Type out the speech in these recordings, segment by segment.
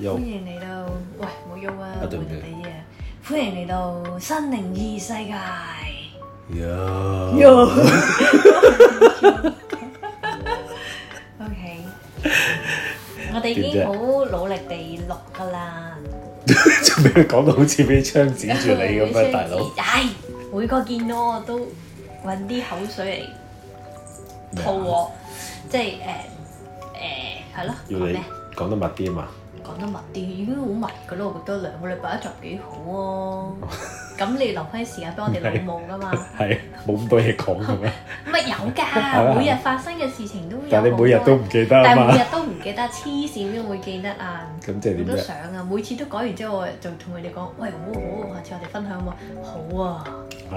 歡迎嚟到，喂，冇喐啊！歡迎嚟到新靈異世界。Yo！OK，我哋已經好努力地錄噶啦。做咩講到好似俾槍指住你咁啊，大佬？唉，每個見到我都揾啲口水嚟吐我，即係誒誒，係咯，要你講得密啲啊嘛～講得密啲已經好密噶咯，我覺得兩個禮拜一集幾好啊。咁 你留翻啲時間俾我哋老母噶嘛？係冇咁多嘢講咩啊？唔係 有㗎， 每日發生嘅事情都有。 但你每日都唔記得但係每日都唔記得，黐線邊會記得啊？咁即係你都想啊，每次都改完之後我就同佢哋講：喂，好好，下次我哋分享喎，好啊。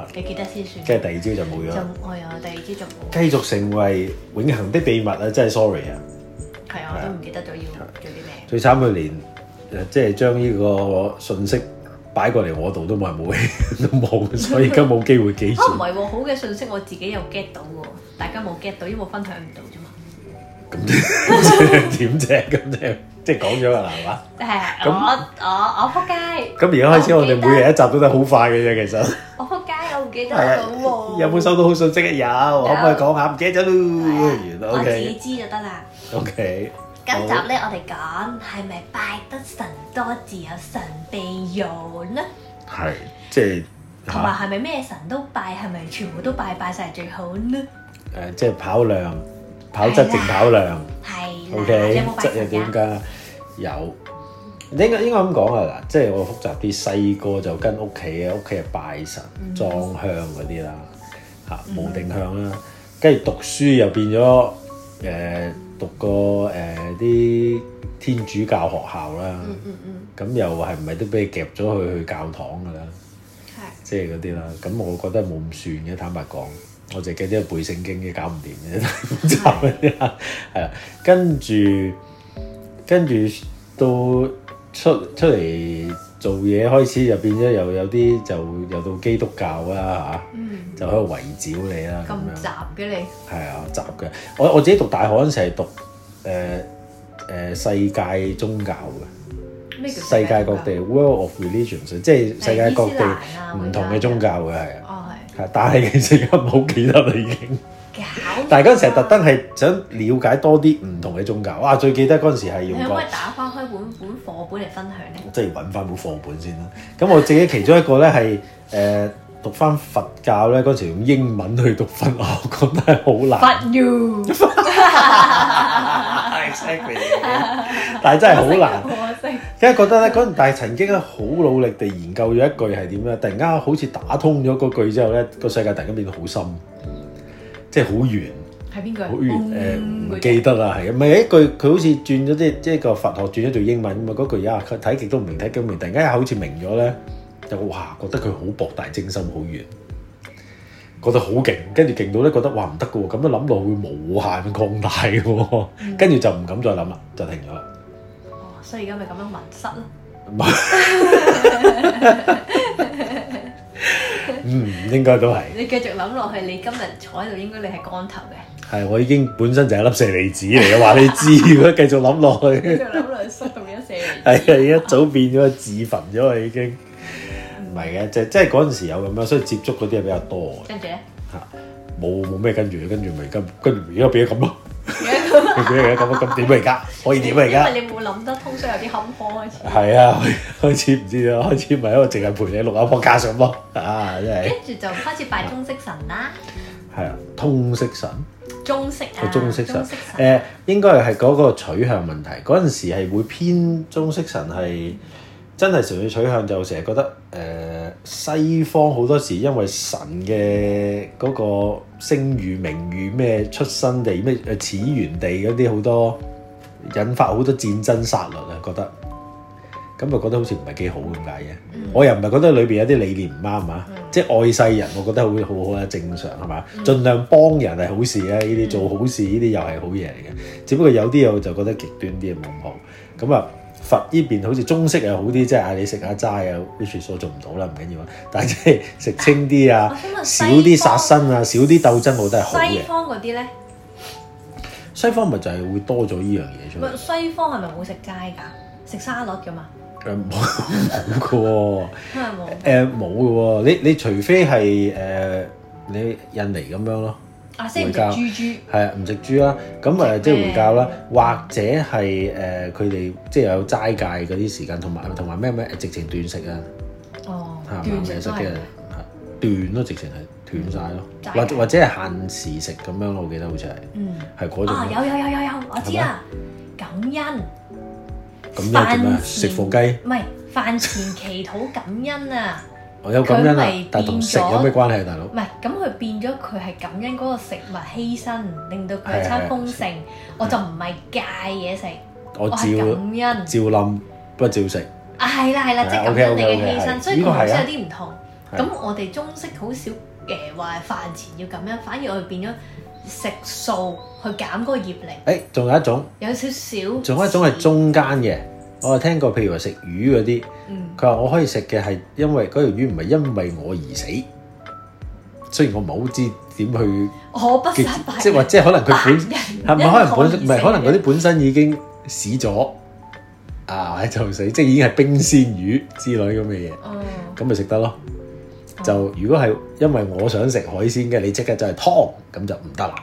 你記得先算。即係第二朝就冇咗。就係啊！我有第二朝就 繼續成為永恆的秘密啊！真係 sorry 啊！係，我都唔記得咗要做啲咩。最慘佢連誒，即係將呢個信息擺過嚟我度都冇人冇都冇，所以而家冇機會記住。啊，唔係喎，好嘅信息我自己又 get 到喎，大家冇 get 到，因為我分享唔到啫嘛。咁點啫？咁即係即係講咗啦，係嘛？係。咁我我我撲街。咁而家開始，我哋每日一集都得好快嘅啫，其實。我撲街，我唔記得咗喎。有冇收到好信息啊？有，可唔可以講下？唔記得咯。完啦，O K。我自己知就得啦。O K，今集咧，okay，我哋講係咪拜得神多自有神庇佑咧？係即係同埋係咪咩神都拜？係咪全部都拜拜晒最好咧？誒、嗯，即、呃、係、就是、跑量跑質，淨跑量係 O K，有冇質又點噶？有，應該應該咁講啊嗱，即係我複雜啲。細個就跟屋企嘅，屋企啊拜神、裝香嗰啲啦吓，冇、嗯嗯、定向啦。跟住讀書又變咗誒。呃讀過誒啲天主教學校啦，咁、嗯嗯嗯、又係唔係都俾你夾咗去去教堂噶啦？係是即係嗰啲啦，咁我覺得冇咁算嘅。坦白講，我就記得背聖經嘅搞唔掂嘅，係 啦是、 啊。跟住跟住到出出嚟。做嘢開始就變咗又有啲就又到基督教啦吓，嗯、就喺度圍剿你啦。咁雜嘅你係啊，雜嘅。我我，我自己讀大學嗰陣時係讀誒、呃呃、世界宗教嘅，咩叫世界宗教？世界各地 World of Religions，、嗯、即係世界各地唔同嘅宗教嘅係是啊，係的，但係其實冇記得啦已經。哦 但係嗰陣時係特登係想了解多啲唔同嘅宗教。哇！最記得嗰陣時係用，你可唔可以打翻開本本課本嚟分享咧？我真係要揾翻本課本先啦。咁我自己其中一個咧係誒讀翻佛教咧，嗰陣時用英文去讀佛教，我覺得係好難。But you，係 exactly。但係真係好難。可惜，因為覺得咧嗰陣，但係曾經咧好努力地研究咗一句係點咧，突然間好似打通咗嗰句之後咧，個世界突然間變到好深，即係好遠。係邊句？好遠誒，唔記得啦，係咪？一句佢好似轉咗啲，即係個佛學轉咗做英文咁嘛！嗰句呀，佢睇極都唔明，睇極唔明，突然間又好似明咗咧，就哇覺得佢好博大精深，好遠，覺得好勁，跟住勁到咧，覺得哇唔得嘅喎，咁樣諗落去會無限擴大嘅喎，跟住就唔敢再諗啦，就停咗啦。哦，所以而家咪咁樣迷失咯。唔係。嗯，應該都係。你繼續諗落去，你今日坐喺度應該你係光頭嘅。係，我已經本身就係一粒舍利子嚟嘅，話你知。如果繼續諗落去，繼續諗落去，變咗舍利子。係啊，一早變咗自焚咗啊，已經唔係嘅，即係即係嗰陣時有咁樣，所以接觸嗰啲嘢比較多。跟住咧吓，冇冇咩跟住，跟住咪跟跟住而家變咗咁咯。而家 變咗咁啊，咁點啊而家？可以你點啊而家？你冇諗得通，宵有啲坎坷開始。係啊，開始唔知啊。開始咪喺度淨係陪你錄一棵加上棵啊，真係。跟住就開始拜通色神啦。係啊，通色神。中式，啊、中式神，誒、呃、應該係嗰個取向問題。嗰陣時係會偏中式神係真係成日取向，就成日覺得誒、呃、西方好多時因為神嘅嗰個聲譽名譽咩出生地咩始源地嗰啲好多，引發好多戰爭殺戮啊覺得。咁就覺得好似唔係幾好咁解嘅，我又唔係覺得裏邊有啲理念唔啱嘛，即係愛世人，我覺得會好好啊，正常係嘛，盡量幫人係好事咧，呢啲做好事呢啲又係好嘢嚟嘅。只不過有啲我就覺得極端啲冇咁好。咁啊，佛呢邊好似中式又好啲，即係嗌你食下齋啊 which so 做唔到啦，唔緊要啊。但係即係食清啲啊，少啲殺生啊，少啲鬥爭，我覺得係好嘅。西方嗰啲咧？西方咪就係會多咗呢樣嘢出嚟。西方係咪好食齋㗎？食沙律㗎嘛？冇，冇嘅喎，誒冇嘅，你你除非係誒你印尼咁樣咯，唔食豬豬，係啊，唔食豬啦，咁誒即係回教啦，或者係誒佢哋即係有齋戒嗰啲時間，同埋同埋咩咩直情斷食啊，嚇斷食嘅，斷咯，直情係斷晒咯，或或者係限時食咁樣咯，我記得好似係，係嗰種有有有有有，我知啊。感恩。飯前做咩？食火雞？唔係飯前祈禱感恩啊！我有感恩啊，但係同食有咩關係啊，大佬？唔係，咁佢變咗佢係感恩嗰個食物犧牲，令到佢一餐豐盛，我就唔係戒嘢食，我照感恩，照冧不過照食。啊係啦係啦，即係感恩你嘅犧牲，所以佢係有啲唔同。咁我哋中式好少嘅話飯前要咁樣，反而我變咗。食素，去減嗰個業力。誒、欸，仲有一種，有少少。仲有一種係中間嘅，我有聽過，譬如話食魚嗰啲，佢話、嗯、我可以食嘅係，因為嗰條魚唔係因為我而死。雖然我唔係好知點去，我不明白。即係話，即係可能佢本係咪可能本唔係可能嗰啲本身已經死咗啊，就死，即係已經係冰鮮魚之類咁嘅嘢，咁咪食得咯。就如果係因為我想食海鮮嘅，你即刻就係湯，咁就唔得啦。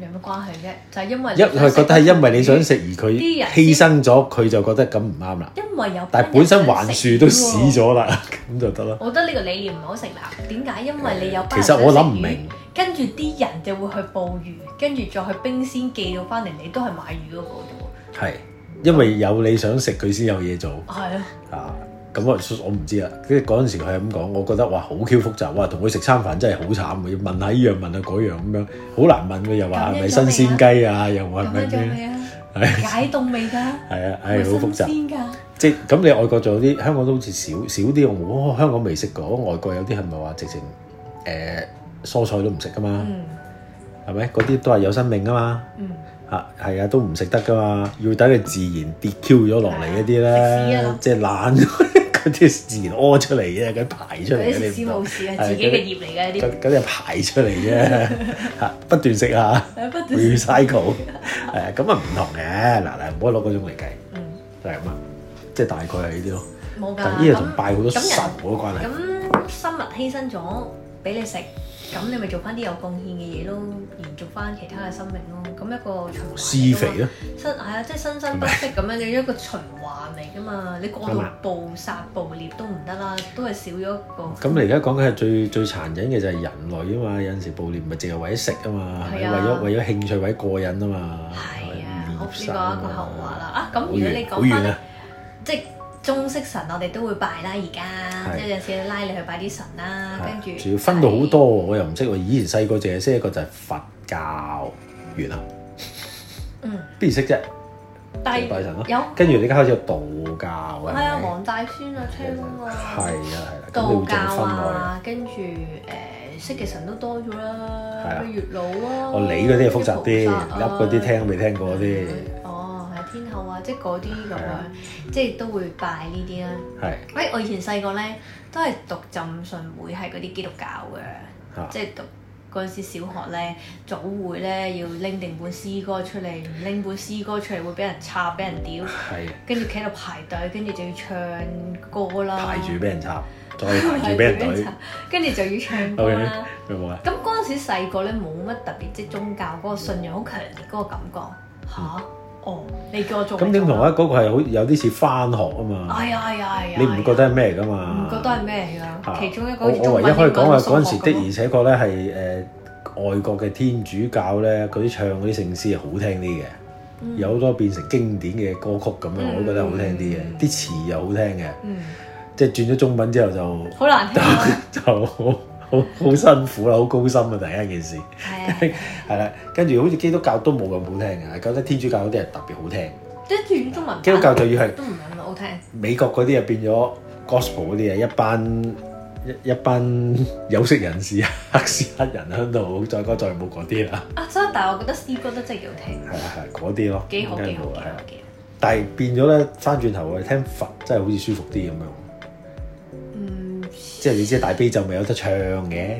有乜關係啫？就係因為一佢覺得係因為你想食，而佢犧牲咗，佢就覺得咁唔啱啦。因為有，但係本身環樹都死咗啦，咁就得啦。我覺得呢個理念唔好成立。點解？因為你有、嗯，其實我諗唔明。跟住啲人就會去捕魚，跟住再去冰鮮寄到翻嚟，你都係買魚嗰個啫。係，因為有你想食，佢先有嘢做。係咯。啊。咁、嗯、我唔知啊，即係嗰陣時佢係咁講，我覺得哇好 Q 複雜哇，同佢食餐飯真係好慘，要問一下依樣問下嗰樣咁樣，好難問嘅又話係咪新鮮雞啊，又話係咪解凍未㗎？係 啊，係好、哎、複雜。即係咁，你外國仲有啲香港都好似少少啲我喎，香港未食過，外國有啲係咪話直情誒、呃、蔬菜都唔食噶嘛？係咪、嗯？嗰啲都係有生命啊嘛？嚇係、嗯、啊，啊，都唔食得噶嘛，要等佢自然跌 Q 咗落嚟嗰啲咧，啊啊、即係爛咗。 即係自然屙出嚟嘅，佢排出嚟嗰啲。事冇事，自己嘅業嚟嘅啲。咁排出嚟啫，吓不斷食吓。係不斷。Recycle 係啊，咁啊唔同嘅。嗱嗱，唔可以攞嗰種嚟計。嗯。就係咁啊，即係大概係呢啲咯。冇㗎。但呢個同拜好多神冇關係。咁生物犧牲咗俾你食。咁你咪做翻啲有貢獻嘅嘢咯，延續翻其他嘅生命咯。咁一個循環施肥咯。新係啊，即係生生不息咁樣嘅一個循環嚟噶嘛。你過度暴殺暴獵嗎都唔得啦，都係少咗一個。咁你而家講嘅係最最殘忍嘅就係人類啊嘛。有陣時暴獵咪淨係為咗食啊嘛，啊為咗為咗興趣或者過癮啊嘛。係啊，我先講一個後話啦。啊，咁如果你講翻即中式神我哋都會拜啦，而家即係有時拉你去拜啲神啦，跟住。仲要分到好多喎，我又唔識喎。以前細個淨係識一個就係佛教完啦。嗯。邊識啫？拜神咯。有。跟住而家開始有道教。係啊，黃大仙啊，聽過。係啊係啦。道教啊，跟住誒識嘅神都多咗啦。係啊。月老啊。哦，你嗰啲複雜啲，啱嗰啲聽都未聽過啲。即係嗰啲咁樣，Yeah. 即係都會拜呢啲啦。係。喂，我以前細個咧都係讀浸信會，係嗰啲基督教嘅，Yeah. 即係讀嗰陣時小學咧，早會咧要拎定本詩歌出嚟，拎本詩歌出嚟會俾人插，俾人屌。係。跟住企度排隊，跟住就要唱歌啦。排住俾人插，跟住 就要唱歌啦。咁嗰陣時細個咧冇乜特別，即係宗教嗰個信仰好強烈嗰個感覺嚇。啊 哦，你叫我做咁點同啊？嗰個係好有啲似翻學啊嘛！係啊係啊係啊！你唔覺得係咩噶嘛？唔覺得係咩噶？其中一個，我唯一可以講啊，嗰陣時的而且確咧係誒外國嘅天主教咧，嗰啲唱嗰啲聖詩係好聽啲嘅，有好多變成經典嘅歌曲咁樣，我都覺得好聽啲嘅，啲詞又好聽嘅，即係轉咗中文之後就好難聽就。好好辛苦啦，好高深啊！第一件事係啊，係啦，跟住好似基督教都冇咁好聽嘅，覺得天主教嗰啲係特別好聽。跟住，中文基督教就要係都唔係咁好聽。美國嗰啲啊變咗 gospel 嗰啲啊，一班一一班有色人士啊，黑絲黑人響度，再加再冇嗰啲啦。啊，真係！但係我覺得詩歌都真係幾好聽。係啊係，嗰啲咯幾好幾好啊！但係變咗咧，翻轉頭我哋聽佛真係好似舒服啲咁樣。即係你知大悲咒咪有得唱嘅，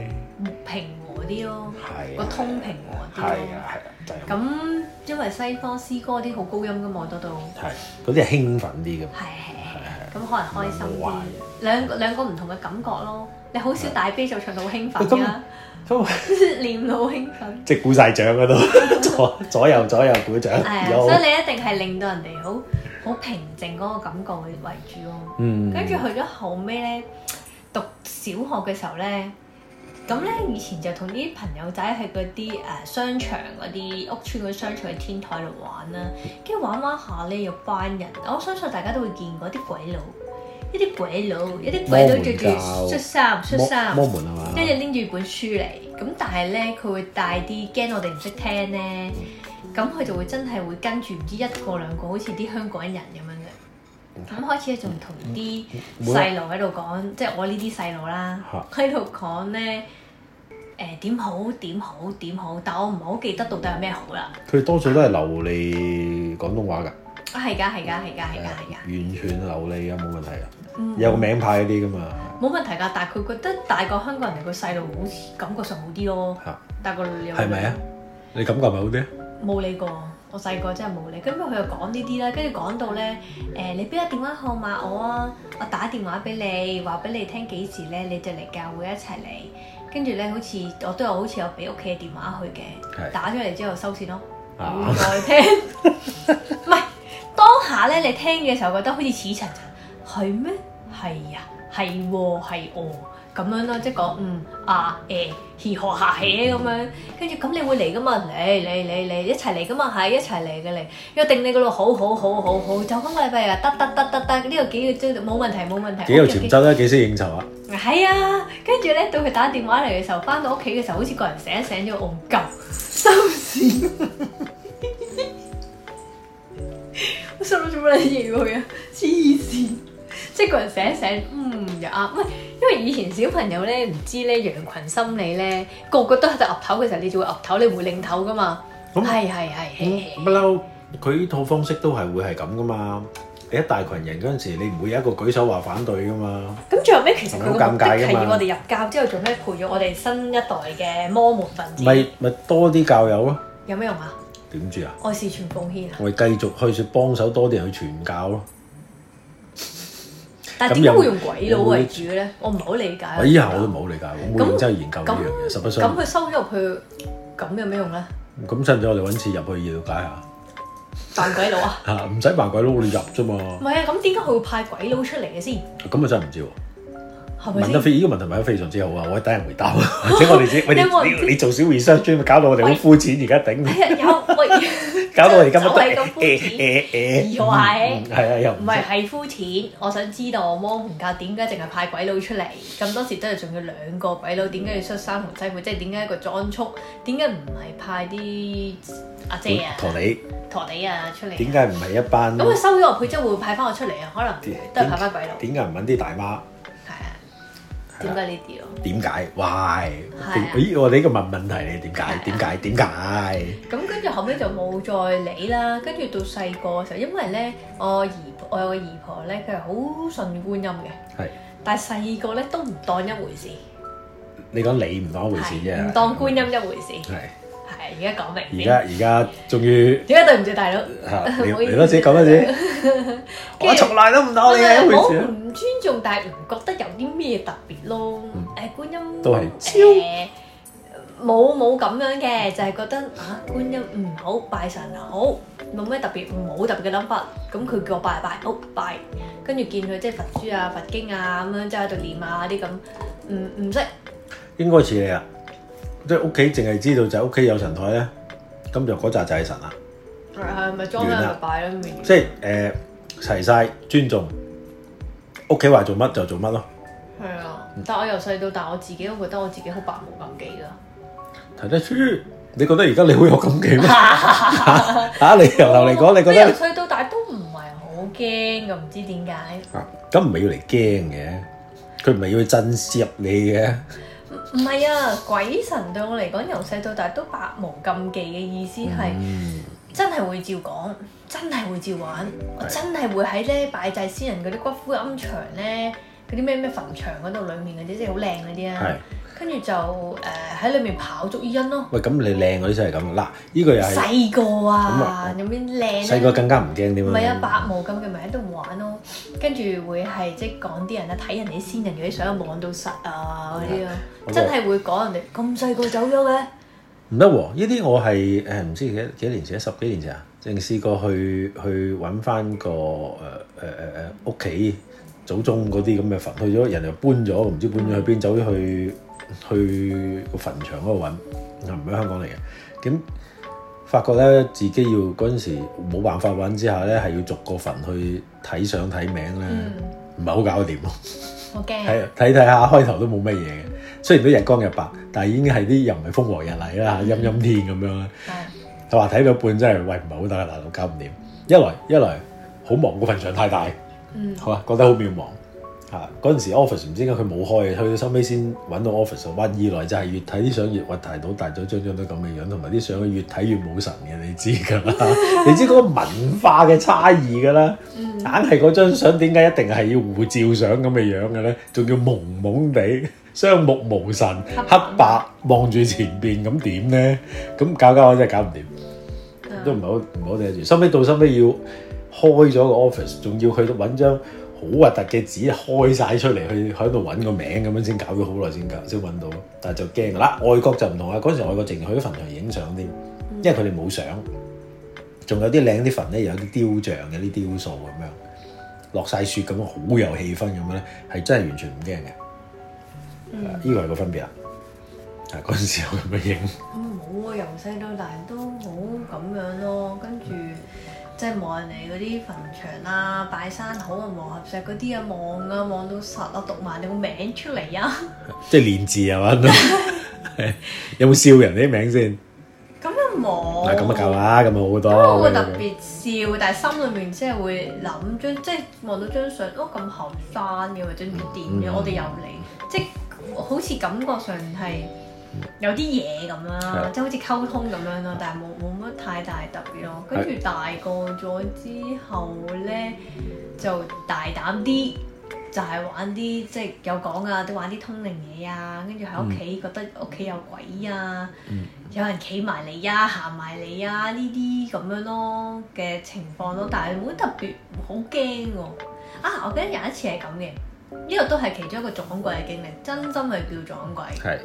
平和啲咯，個通平和啲咯。係啊係啊。咁因為西方詩歌啲好高音嘅，嘛，我覺得都係嗰啲係興奮啲嘅，係係係。咁可能開心啲，兩個兩個唔同嘅感覺咯。你好少大悲咒唱到興奮啊，都唸到興奮，即係鼓晒掌嘅都左右左右鼓掌。係所以你一定係令到人哋好好平靜嗰個感覺為主咯。嗯，跟住去咗後尾咧。讀小學嘅時候咧，咁咧以前就同啲朋友仔去嗰啲誒商場嗰啲屋村，嗰啲商場嘅天台度玩啦，跟住，嗯、玩玩下咧有班人，我、哦、相信大家都會見過啲鬼佬，一啲鬼佬，一啲鬼佬着住恤衫、恤衫，跟住拎住本書嚟，咁但係咧佢會帶啲驚我哋唔識聽咧，咁佢就會真係會跟住唔知一個兩個，好似啲香港人咁樣。咁開始咧，仲同啲細路喺度講，即係我呢啲細路啦，喺度講咧，誒點、呃、好點好點好，但係我唔係好記得到底係咩好啦。佢、嗯、多數都係流利廣東話㗎。啊、嗯，係㗎，係㗎，係㗎，係㗎，係㗎。完全流利㗎，冇問題啦。嗯、有個名牌嗰啲㗎嘛。冇問題㗎，但係佢覺得大個香港人哋個細路好似感覺上好啲咯。係、嗯。大個女有。係咪啊？你感覺係咪好啲啊？冇理過。我細個真係冇理，咁樣佢又講呢啲啦，跟住講到咧，誒、呃，你俾個電話號碼我啊，我打電話俾你，話俾你聽幾時咧，你就嚟教會一齊嚟。跟住咧，好似我都有好似有俾屋企嘅電話去嘅，是打咗嚟之後收線咯，唔再、啊嗯、聽。唔 係當下咧，你聽嘅時候覺得好似似陳陳，係咩？係啊，係喎、哦，係喎、哦，咁樣咯，即係講嗯啊誒。欸熱熱下戲咁樣，跟住咁你會嚟㗎嘛？嚟嚟嚟嚟一齊嚟㗎嘛？係一齊嚟嘅嚟，約定你嗰度好好好好好，就今個禮拜日得得得得得，呢個幾個鐘冇問題冇問題。幾有潛質啊？都幾識應酬啊？係啊，跟住咧到佢打電話嚟嘅時候，翻到屋企嘅時候，好似個人醒一醒咗憨鳩，黐線，我心諗做乜你應佢啊？黐線！即係個人醒醒，嗯又啱。喂，因為以前小朋友咧唔知咧羊羣心理咧，個個都喺度岌頭嘅時候，你就會岌頭，你唔會擰頭噶嘛？係係係。不嬲，佢呢套方式都係會係咁噶嘛。你一大羣人嗰陣時，你唔會有一個舉手話反對噶嘛。咁最後尾，其實佢目的係要我哋入教之後做咩？培養我哋新一代嘅魔門分子。咪咪多啲教友咯。有咩用啊？點知啊？愛是全奉獻啊！我哋繼續去説幫手多啲人去傳教咯。但點解會用鬼佬為主嘅咧？我唔係好理解。我以下我都唔係好理解。咁那真係研究呢樣嘢，十一歲。咁佢收咗入去，咁有咩用咧？咁使唔使我哋揾次入去了解下，扮鬼佬啊！嚇，唔使扮鬼佬，你入啫嘛。唔係啊，咁點解佢會派鬼佬出嚟嘅先？咁啊，真係唔知喎。問得呢個問題問得非常之好啊！我係第一人回答啊！或者我哋自己，你你做少 research，搞到我哋好膚淺。 而家頂，搞到我哋咁膚淺，而係啊又唔係係膚淺，我想知道我魔唔夠，點解淨係派鬼佬出嚟咁多時，都係仲要兩個鬼佬，點解要出三紅西，即係點解一個裝束，點解唔係派啲阿姐啊陀地、陀地啊出嚟？點解唔係一班咁，佢收咗個配資會派翻我出嚟啊？可能都係派翻鬼佬。點解唔搵啲大媽？點解呢啲咯？點解？喂？誒，我哋呢個問問題咧？點解？點解？點解？咁跟住後尾就冇再理啦。跟住到細個嘅時候，因為咧，我姨我有個姨婆咧，佢係好信觀音嘅，係，但係細個咧都唔當一回事。你講理唔當一回事啫，唔當觀音一回事。係。係，而家講明。而家而家終於點解對唔住大佬？講多啲，講多啲。我從來都唔鬧你嘅意思。我唔尊重，但係唔覺得有啲咩特別咯。誒，觀音都係超冇冇咁樣嘅，就係覺得啊，觀音唔好拜神啊好，冇咩特別，唔好特別嘅諗法。咁佢叫我拜就拜，我拜。跟住見佢即係佛珠啊、佛經啊咁樣，即係喺度唸啊啲咁，唔唔識。應該似你啊。即係屋企淨係知道就屋企有神台咧，咁就嗰扎就係神啦、啊。係，係咪裝咧就擺咯，即係誒，齊、呃、晒尊重，屋企話做乜就做乜咯。係啊，但係我由細到大我自己都覺得我自己好百冇禁忌噶。睇得出、嗯， 你覺得而家你會有禁忌咩？吓、 啊、你由頭嚟講，你覺得由細 到大都唔係好驚噶，唔知點解。咁唔係要嚟驚嘅，佢唔係要震懾你嘅。 唔係啊！鬼神對我嚟講，由細到大都百無禁忌嘅意思係、嗯，真係會照講，真係會照玩，是我真係會喺咧拜祭先人嗰啲骨灰龕場咧，嗰啲咩咩墳場嗰度裡面嗰啲即係好靚嗰啲啊～跟住就誒喺裏面跑捉依 In 咯。喂，咁你靚嗰啲真係咁嗱，呢個又係細個啊，有咩靚咧？細個更加唔驚點啊！唔係啊，百毛咁嘅，咪喺度玩咯。跟住會係即係講啲人咧睇人哋先人嗰啲相，望到實啊嗰啲、嗯、啊，真係會講人哋咁細個走咗嘅。唔得，呢啲我係誒唔知幾幾年前，十幾年前啊，淨試過去去揾翻個誒誒誒誒屋企祖宗嗰啲咁嘅墳，去咗人又搬咗，唔知搬咗去邊，走咗去。去個墳場嗰度揾，係唔喺香港嚟嘅。咁發覺咧，自己要嗰陣時冇辦法揾之下咧，係要逐個墳去睇相睇名咧，唔係好搞掂咯。我驚，睇睇下開頭都冇咩嘢嘅。雖然都日光日白，但係已經係啲又唔係風和日麗啦，嗯、陰陰天咁樣啦。係、嗯，佢話睇咗半真係，喂，唔係好大，難度搞唔掂。一來一來，好忙嗰墳場太大，嗯，好啊，覺得好渺茫。嚇！嗰陣時 office 唔知點解佢冇開，去到收尾先揾到 office。屈二來就係越睇啲相越核突，大到大咗張張都咁嘅樣，同埋啲相越睇越冇神嘅，你知㗎啦。 你知嗰個文化嘅差異㗎啦。硬係嗰張相點解一定係要護照相咁嘅樣嘅咧？仲要蒙蒙地，雙目無神，黑白望住前邊咁點咧？咁搞搞我真係搞唔掂，嗯、都唔係好唔好頂住。收尾到收尾要開咗個 office，仲要去到揾張。好核突嘅紙開晒出嚟，去喺度揾個名咁樣先搞咗好耐先搞，先揾到。但係就驚啦、啊，外國就唔同啦。嗰陣時外國淨去啲墳場影相添，嗯、因為佢哋冇相，仲有啲靚啲墳咧，有啲雕像嘅啲雕塑咁樣，落晒雪咁樣好有氣氛咁樣咧，係真係完全唔驚嘅。呢依個係個分別啦。嗯、啊，嗰陣時候咁樣影。咁冇喎，由細到大都好咁樣咯，跟住。嗯即係望人哋嗰啲墳場啊、拜山好啊，磨合石嗰啲啊，望啊，望到實啊，讀埋你個名出嚟啊！即係連字啊嘛，嗯、 有冇笑人啲名先？咁又冇，嗱咁啊，夠啦，咁啊好多，都係會特別笑， 但係心裏面即係會諗、就是、張，即係望到張相，哦咁後生嘅或者唔點嘅，我哋又唔嚟，即係、嗯就是、好似感覺上係。有啲嘢咁啦，即係是的 好似溝通咁樣咯，是的 但係冇冇乜太大特別咯。是的 跟住大個咗之後咧，就大膽啲，就係、是、玩啲即係有講啊，都玩啲通靈嘢啊。跟住喺屋企覺得屋企有鬼啊，嗯、有人企埋你啊，行埋你啊呢啲咁樣咯嘅情況咯。是的 但係冇特別好驚喎。啊，我記得有一次係咁嘅，呢個都係其中一個撞鬼嘅經歷，真心係叫撞鬼。係。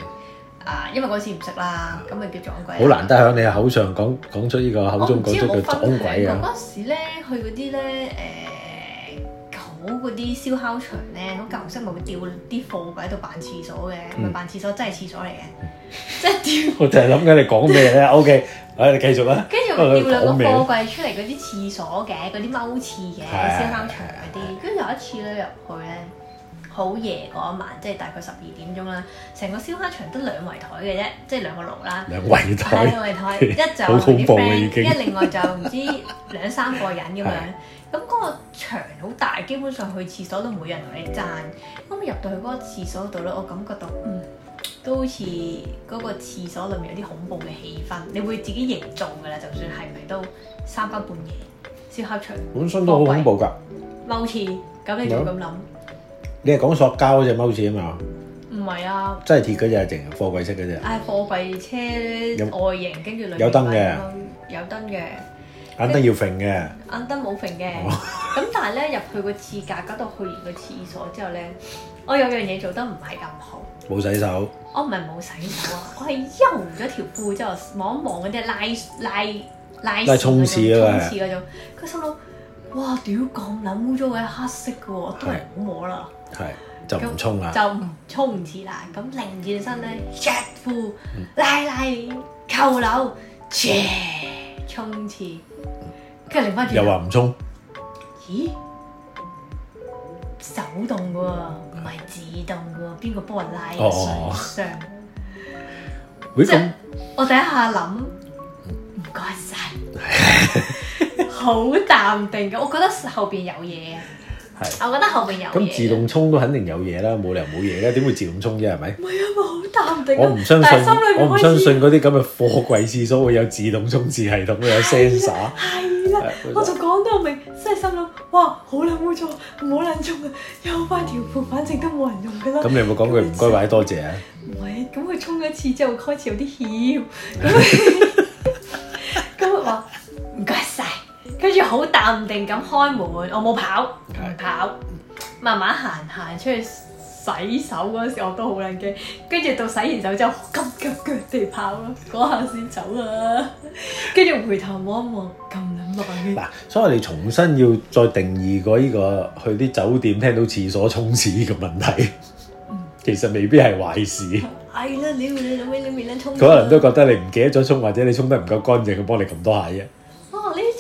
啊，因為嗰次唔識啦，咁咪叫撞鬼。好難得喺你口上講講出呢個口中講出叫撞鬼啊！嗰時咧，去嗰啲咧，誒，舊嗰啲燒烤場咧，好舊式，咪會吊啲貨櫃喺度扮廁所嘅，咪扮廁所真係廁所嚟嘅，即係吊。我就係諗緊你講咩咧，OK，誒，你繼續啦。跟住會吊兩個貨櫃出嚟嗰啲廁所嘅，嗰啲踎廁嘅燒烤場嗰啲，跟住有一次咧入去咧。好夜嗰晚，即係大概十二點鐘啦。成個燒烤場得兩圍台嘅啫，即係兩個爐啦。兩圍台。兩 圍台。一就同啲 friend 一 另外就唔知兩三個人咁樣。咁嗰是的 個場好大，基本上去廁所都冇人同你爭。咁入到去嗰個廁所度咧，我感覺到，嗯，都好似嗰個廁所裡面有啲恐怖嘅氣氛。你會自己營造㗎啦，就算係咪都三更半夜燒烤場，本身都好恐怖㗎。踎廁，咁你就咁諗？你係講塑膠嗰隻踎屎啊嘛？唔係啊，真係鐵嗰隻，淨係貨櫃式嗰隻。誒，貨櫃車外形，跟住兩有燈嘅，有燈嘅。燈燈要揈嘅，燈燈冇揈嘅。咁但係咧，入去個廁格，嗰度去完個廁所之後咧，我有樣嘢做得唔係咁好。冇洗手。我唔係冇洗手啊，我係休咗條褲之後望一望嗰啲拉拉拉拉沖廁啦，沖廁啦就。佢心諗，哇，屌咁撚污糟嘅，黑色嘅喎，都係唔好摸啦。係就唔沖啦，就唔沖似啦。咁擰轉身咧，屈褲拉拉扣鈕，切衝刺，跟住擰翻轉。又話唔沖？咦？手動嘅喎，唔係自動嘅喎。邊個幫我拉水箱？哦哦哦哦即係咦我第一下諗，唔該晒，好淡 定嘅。我覺得後邊有嘢。係，我覺得後面有嘢。咁自動沖都肯定有嘢啦，冇理由冇嘢啦，點會自動沖啫？係咪？唔係啊，好淡定。我唔相信，我唔相信嗰啲咁嘅貨櫃廁所會有自動沖廁系統，有 sensor。係啦，我就講到明，真係心諗，哇，好撚好彩，冇撚沖啊，有翻條褲，反正都冇人用㗎啦。咁你有冇講句唔該或多謝啊？唔係，咁佢沖一次之後開始有啲險。跟住好淡定咁開門，我冇跑，的跑，慢慢行行出去洗手嗰陣時，我都好冷靜。跟住到洗完手之後，急急腳地跑咯，嗰下先走啦、啊。跟住回頭望一望，咁冷落嘅。嗱、啊，所以你重新要再定義過呢個去啲酒店聽到廁所沖屎嘅問題， 其實未必係壞事。係啦、嗯 哎，你會你未甩沖、啊。好多人都覺得你唔記得咗沖，或者你沖得唔夠乾淨，佢幫你咁多下啫。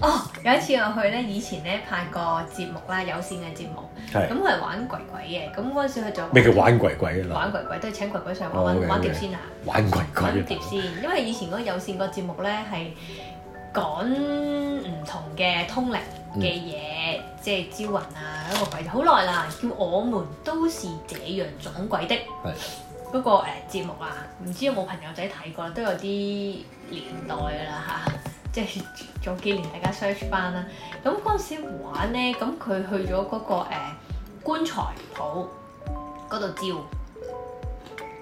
哦，oh, 有一次我去咧，以前咧拍個節目啦，有線嘅節目，咁佢是玩鬼鬼嘅，咁嗰陣時佢做咩叫玩鬼鬼啊？玩鬼鬼都係請鬼鬼上台玩，玩，oh, okay , okay. 玩碟仙啊！玩鬼鬼玩碟仙！因為以前嗰個有線個節目咧係講唔同嘅通靈嘅嘢，嗯、即係招魂啊，一、那個鬼好耐啦，叫我們都是這樣撞鬼的，嗰個誒節目啊，唔知有冇朋友仔睇過都有啲年代啦嚇。即係早幾年大家 search 翻啦，咁嗰陣時玩咧，咁佢去咗嗰、嗰個、欸、棺材鋪嗰度照，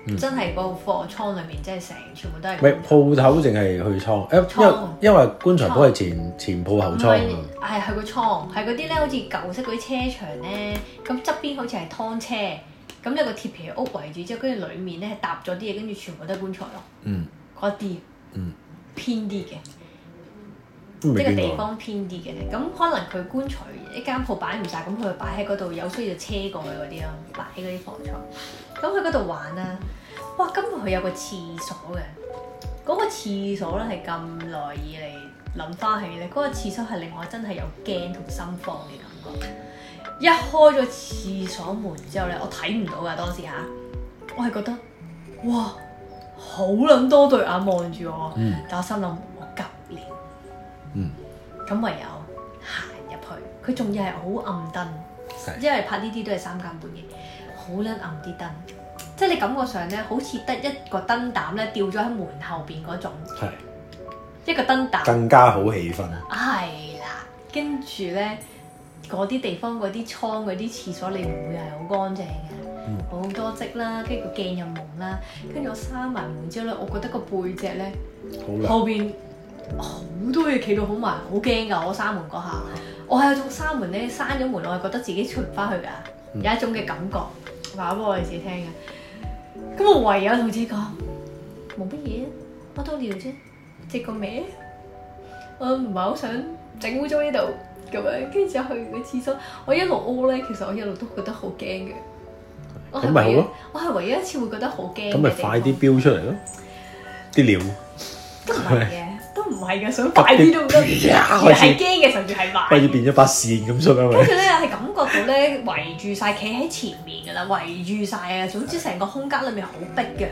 嗯、真係個貨倉裏面真係成全部都係、嗰個。咪鋪頭淨係去倉，因為棺材鋪係倉前前鋪後倉啊。係係個倉，係嗰啲咧，好似舊式嗰啲車場咧，咁側邊好似係㓥車，咁有個鐵皮屋圍住，之後跟住裡面咧係搭咗啲嘢，跟住全部都係棺材咯。嗯。啲啲，偏嗯偏啲嘅。即個地方偏啲嘅咧，咁可能佢棺材一間鋪擺唔晒，咁佢就擺喺嗰度，有需要就車過去嗰啲咯，擺喺嗰啲貨倉，咁去嗰度玩啦，哇！今日佢有個廁所嘅，嗰個廁所咧係咁耐以嚟諗翻起咧，嗰個廁所係令我真係有驚同心慌嘅感覺。一開咗廁所門之後咧，我睇唔到噶當時吓、啊，我係覺得哇，好撚多對眼望住我，嗯、但我心諗。咁唯有行入去，佢仲要係好暗燈，的因為拍呢啲都係三更半夜，好撚暗啲燈，即係你感覺上咧，好似得一個燈膽咧吊咗喺門後邊嗰種，的一個燈膽更加好氣氛。係啦、啊，跟住咧嗰啲地方嗰啲倉嗰啲廁所，嗯、你唔會係好乾淨嘅，嗯、好多積啦，跟住個鏡入門啦，跟住、嗯、我閂埋門之後咧，我覺得個背脊咧了後邊。好多嘢企到好埋，好驚噶！我閂門嗰下， 我係有種閂門咧，閂咗門我係覺得自己出唔翻去噶，有一種嘅感覺，話俾我哋自己聽嘅。咁我唯有同自己講，冇乜嘢，我都尿啫，積個味。我唔係好想整污糟呢度，咁樣跟住又去個廁所。我一路屙咧，其實我一路都覺得好驚嘅。我係咪我係唯一一次會覺得好驚。咁咪快啲飆出嚟咯！啲尿都唔係嘅。唔係嘅，想快啲都唔得，而係驚嘅，甚至係快，不如變咗把扇咁出啊！跟住咧，係感覺到咧，圍住晒，企喺前面㗎喇，圍住晒啊！總之，成個空間裏面好逼嘅，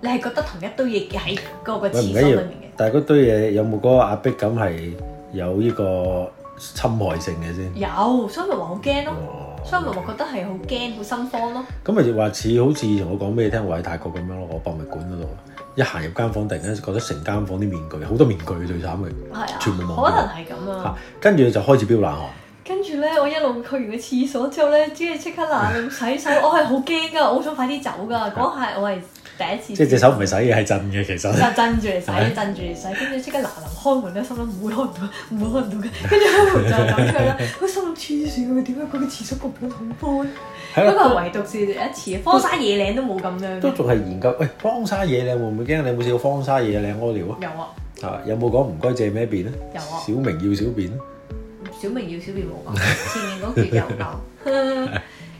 你係覺得同一堆嘢喺嗰個廁不所裏面嘅。但係嗰堆嘢有冇嗰個壓迫感係有呢個侵害性嘅先？有，所以咪話好驚咯。哦所以咪話覺得係好驚吧、啊、好心慌咯。咁咪就話似好似我講俾你聽，我喺泰國咁樣咯。我博物館嗰度，一行入間房，突然間覺得成間房啲面具，好多面具，最慘嘅。係啊，全部可能係咁啊。嚇、啊！跟住就開始飆冷汗。跟住咧，我一路去完個廁所之後咧，只係即刻攬嚟洗手。 我係好驚㗎！我想快啲走㗎。嗰 下我係。第一次即隻手唔係洗嘢係震嘅，其實就震住嚟洗，震住嚟洗，跟住即刻嗱臨開門咧，心諗唔會開唔到，唔會開唔到嘅，跟住 開門就走去。啦的，好心黐線啊！點解個廁所咁普通嘅？不過唯獨是一次，荒山野嶺都冇咁樣，都仲係研究。喂、哎，荒山野嶺會唔會驚？你有冇試過荒山野嶺屙尿啊？有啊。有冇講唔該借咩便咧？有啊。小明要小便。小明要小便冇講，前面嗰句有講。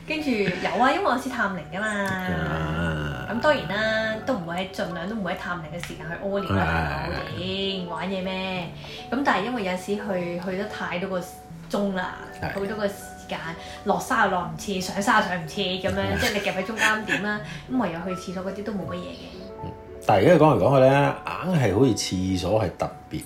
跟 住 有啊，因為我試探靈㗎嘛。啊。咁當然啦，都唔會喺盡量都唔會喺探人嘅時間去屙尿啦，點玩嘢咩？咁但係因為有時去去得太多個鐘啦，好、嗯、多個時間，落沙又落唔切，上沙又上唔切，咁樣即係你夾喺中間點啦？咁 唯有去廁所嗰啲都冇乜嘢嘅。但係而家講嚟講去咧，硬係好似廁所係特別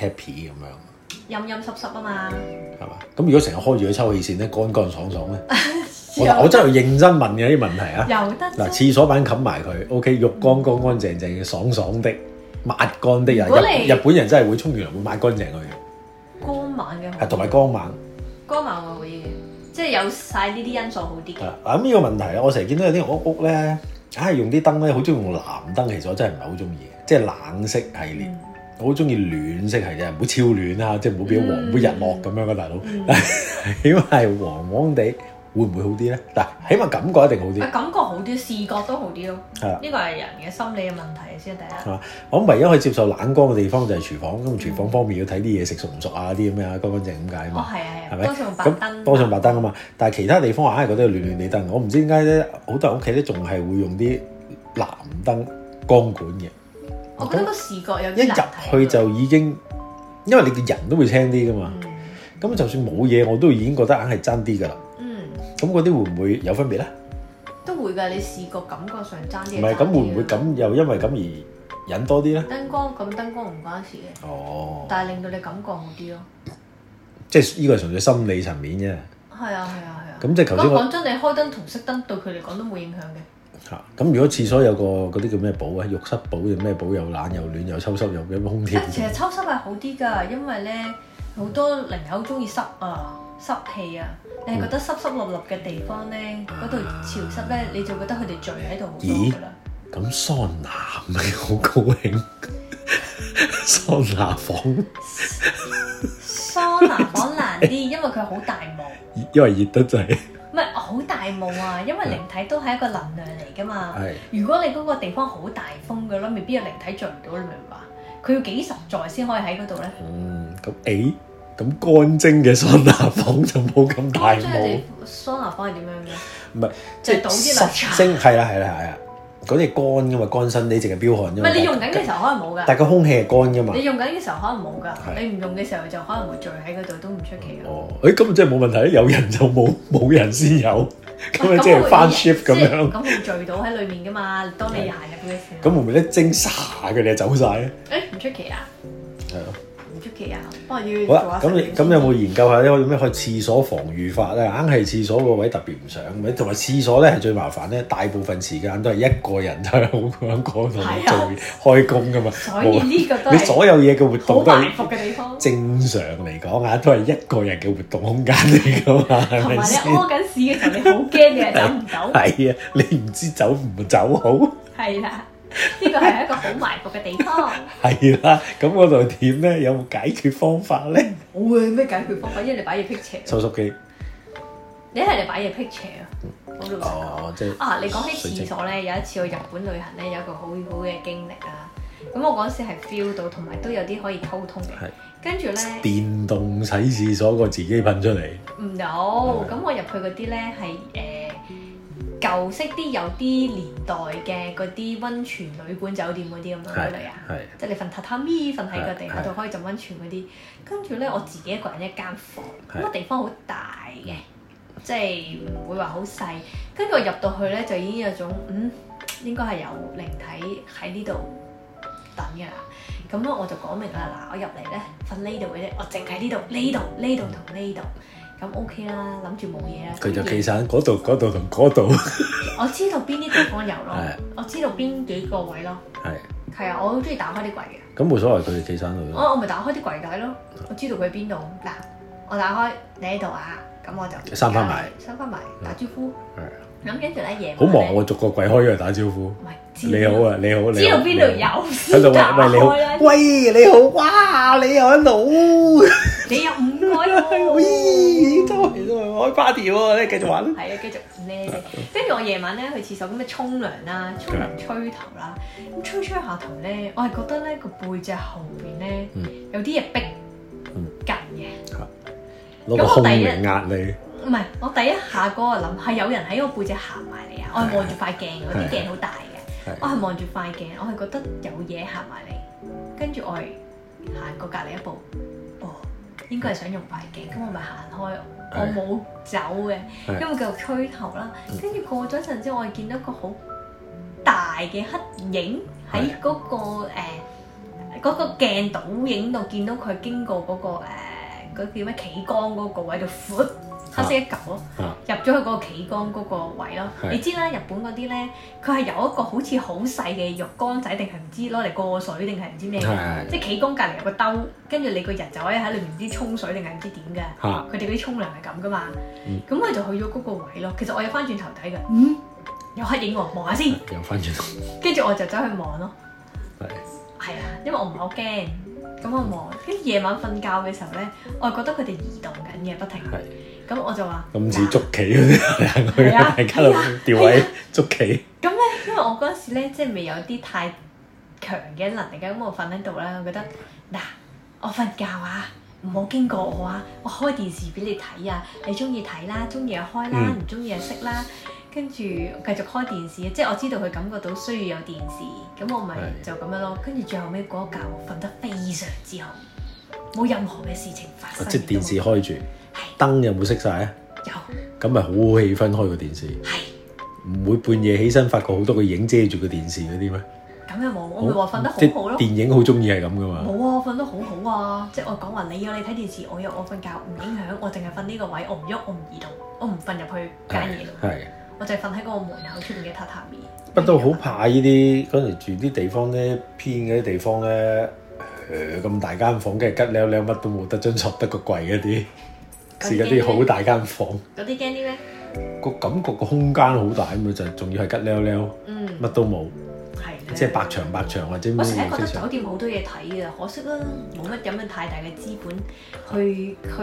happy 咁樣，陰陰濕濕啊嘛。係嘛、嗯？咁如果成日開住個抽氣扇咧，乾，乾乾爽爽咧。 我真係認真問嘅啲問題啊！嗱，廁所板冚埋佢，OK，浴缸乾乾淨淨、爽爽的，抹乾的啊！日日本人真係會沖完涼會抹乾淨嘅。光猛嘅係同埋光猛。光猛會會即係有晒呢啲因素好啲嘅。咁呢個問題咧、啊，我成日見到有啲屋屋咧，硬係用啲燈咧，好中意用藍燈，其實我真係唔係好中意嘅，即係冷色系列。嗯、我好中意暖色系即係唔好超暖啊，即係唔好變黃，唔好日落咁樣嘅、嗯、大佬，嗯、 因為黃黃地。會唔會好啲咧？嗱，起碼感覺一定好啲。感覺好啲，視覺都好啲咯。呢個係人嘅心理嘅問題先。第一，我唯一可以接受冷光嘅地方就係、是、廚房。咁廚房方面要睇啲嘢食熟唔熟啊，啲咁咩啊乾乾淨咁解啊嘛。哦，係係係。多吧用白燈。多用那白燈啊嘛。但係其他地方硬係覺得亂亂地燈，但我唔知點解咧，好多人屋企咧仲係會用啲藍燈光管嘅。我覺得個視覺有啲一入去就已經，因為你嘅人都會青啲噶嘛。咁、嗯、就算冇嘢，我都已經覺得硬係真啲噶啦。咁嗰啲會唔會有分別咧？都會㗎，你試過感覺上爭啲。唔係咁會唔會咁又因為咁而忍多啲咧？燈光咁，燈光唔關事嘅。哦。但係令到你感覺好啲咯。即係依個係純粹心理層面啫。係啊係啊係啊。咁即係頭先。講真，你開燈同熄燈對佢嚟講都冇影響嘅。嚇！咁如果廁所有個嗰啲叫咩寶啊？浴室寶定咩寶？又冷又暖又抽濕又嘅空調。其實抽濕係好啲㗎，因為咧。好多靈好中意濕啊，濕氣啊，你係覺得濕濕笠笠嘅地方咧，嗰度、嗯、潮濕咧，你就覺得佢哋聚喺度好多噶啦。咁桑拿咪好高興。 桑拿房，桑拿房難啲， 因為佢好大霧，因為熱得滯。唔係好大霧啊，因為靈體都係一個能量嚟噶嘛。係是，如果你嗰個地方好大風嘅咧，未必有靈體聚唔到，你明唔明啊？佢要幾十載先可以喺嗰度咧。嗯咁誒，咁乾蒸嘅桑拿房就冇咁大霧。即係啲桑拿房係點樣嘅？唔係，即係倒啲蒸，係啊係啊係啊，嗰啲係乾噶嘛，乾身你淨係標汗啫嘛。唔係你用緊嘅時候可能冇噶。但係個空氣係乾噶嘛。你用緊嘅時候可能冇噶，你唔用嘅時候就可能會聚喺嗰度，都唔出奇啊。哦，誒咁即係冇問題，有人就冇，冇人先有，咁樣即係翻 shift 咁樣。咁會聚到喺裏面噶嘛？當你行入去嘅時候。咁會唔會一蒸曬佢哋走曬咧？誒唔出奇啊。係啊。好啦，咁你咁有冇研究下咧？可以用咩去廁所防禦法咧？硬係廁所個位特別唔想，同埋廁所咧係最麻煩咧，大部分時間都係一個人喺度咁樣過度做開工噶嘛。所以呢個你所有嘢嘅活動都係好埋嘅地方。正常嚟講啊，都係一個人嘅活動空間嚟㗎嘛。同埋你屙緊屎嘅時候，你好驚嘅，走唔走？係啊，你唔知走唔走好。係啦、啊。呢個係一個好埋伏嘅地方。係啦， 咁嗰度點咧？有冇解決方法咧？喂，咩解決方法？一係你擺嘢辟邪，坐熟機。一係你擺嘢辟邪啊，我度即係。就是，啊，你講起廁所咧，有一次去日本旅行咧，有一個好好嘅經歷啊。咁我嗰時係 feel 到，同埋都有啲可以溝通嘅。係是。跟住咧。電動洗廁所過自己噴出嚟，唔有，嗯。咁是我入去嗰啲咧係誒。舊式啲有啲年代嘅嗰啲溫泉旅館酒店嗰啲咁樣嗰類啊，即係你瞓榻榻米，瞓喺個地下度可以浸溫泉嗰啲。跟住咧，我自己一個人一間房，咁個係地方好大嘅，即係唔會話好細。跟住我入到去咧，就已經有種嗯，應該係有靈體喺呢度等㗎啦。咁啊，我就講明啦，嗱，我入嚟咧瞓呢度嘅啫，我淨喺呢度呢度呢度同呢度。咁 OK 啦，諗住冇嘢啊。佢就企晒喺嗰度、嗰度同嗰度。我知道邊啲地方有咯，我知道邊幾個位咯。係係啊，我好中意打開啲櫃嘅。咁冇所謂，佢哋企晒喺度咯。我我咪打開啲櫃底咯，我知道佢喺邊度。嗱，我打開你喺度啊，咁我就閂翻埋，收翻埋，打招呼。係，諗緊做啲嘢。好忙，我逐個櫃開咗嚟打招呼。唔你好啊，你好。你知道邊度有？喺度喂喂，你好，喂你好，哇，你又喺度。你又唔開啦？咦， 突然開 party 喎、啊！咧繼續玩。係啊，繼續咧。跟住我夜晚咧去廁所，咁啊沖涼啦，沖完吹頭啦。咁、嗯、吹吹下頭咧，我係覺得咧個背脊後邊咧有啲嘢逼近嘅。嚇、嗯！咁、嗯嗯嗯、我第一壓力唔係，我第一下嗰個諗係有人喺我背脊行埋嚟啊！我係望住塊鏡，嗰啲鏡好大嘅。我係望住塊鏡，鏡我係覺得有嘢行埋嚟。跟住我係行過隔籬一步。應該係想用塊鏡，咁我咪行開，我冇走嘅，的因為繼續吹頭啦。跟住過咗一陣之後，我係見到一個好大嘅黑影喺嗰的、嗰個誒嗰、呃嗰個、鏡倒影度見到佢經過嗰、嗰個誒嗰、呃嗰個、叫咩企缸嗰個位度闊。黑色一嚿咯，啊、入咗去嗰個企缸嗰個位咯。是 你知啦，日本嗰啲咧，佢係有一個好似好細嘅浴缸仔，定係唔知攞嚟過水，定係唔知咩？是是即係企缸隔離有個兜，跟住你個人就可以喺裏面，唔知沖水定係唔知點嘅。佢哋嗰啲沖涼係咁㗎嘛。咁我就去咗嗰個位咯。其實我有翻轉頭睇㗎，嗯，有黑影喎，望下先。有翻轉頭。跟住我就走去望咯，係啊對，因為我唔係好驚咁我望。跟住夜晚瞓覺嘅時候咧，我係覺得佢哋移動緊嘅，不停。咁我就、啊、 話：咁似捉棋嗰啲係啊，佢喺度調位捉棋。咁咧，因為我嗰陣時咧，即係未有啲太強嘅能力嘅，咁我瞓喺度咧，我覺得嗱、啊，我瞓覺啊，唔好經過我啊，我開電視俾你睇啊，你中意睇啦，中意又開啦、啊，唔中意又熄啦，跟住、啊、繼續開電視，即係我知道佢感覺到需要有電視，咁我咪就咁的樣咯，跟住最後尾嗰一覺瞓得非常之好，冇任何嘅事情發生。即係電視開住。燈有冇熄晒啊？有咁咪好好氣氛，開個電視。係唔會半夜起身發覺好多個影遮住個電視嗰啲咩？咁又冇，我咪話瞓得好好咯。電影好中意係咁噶嘛？冇啊，瞓得好好啊！即係我講話，你有你睇電視，我有我瞓覺，唔影響。我淨係瞓呢個位，我唔喐，我唔移動，我唔瞓入去間嘢度。係，我就係瞓喺嗰個門口出面嘅榻榻米。不過好怕呢啲，嗰時住啲地方咧，偏嗰啲地方咧，咁大間房，梗係吉咧咧，乜都冇得，張床得個櫃嗰啲。試嗰啲好大間房，嗰啲驚啲咩？個感覺個空間好大咁啊，就仲要係吉溜溜，嗯，乜都冇，係即係白牆白牆或者。我成日覺得酒店好多嘢睇嘅，可惜啦，冇乜有乜太大嘅資本去去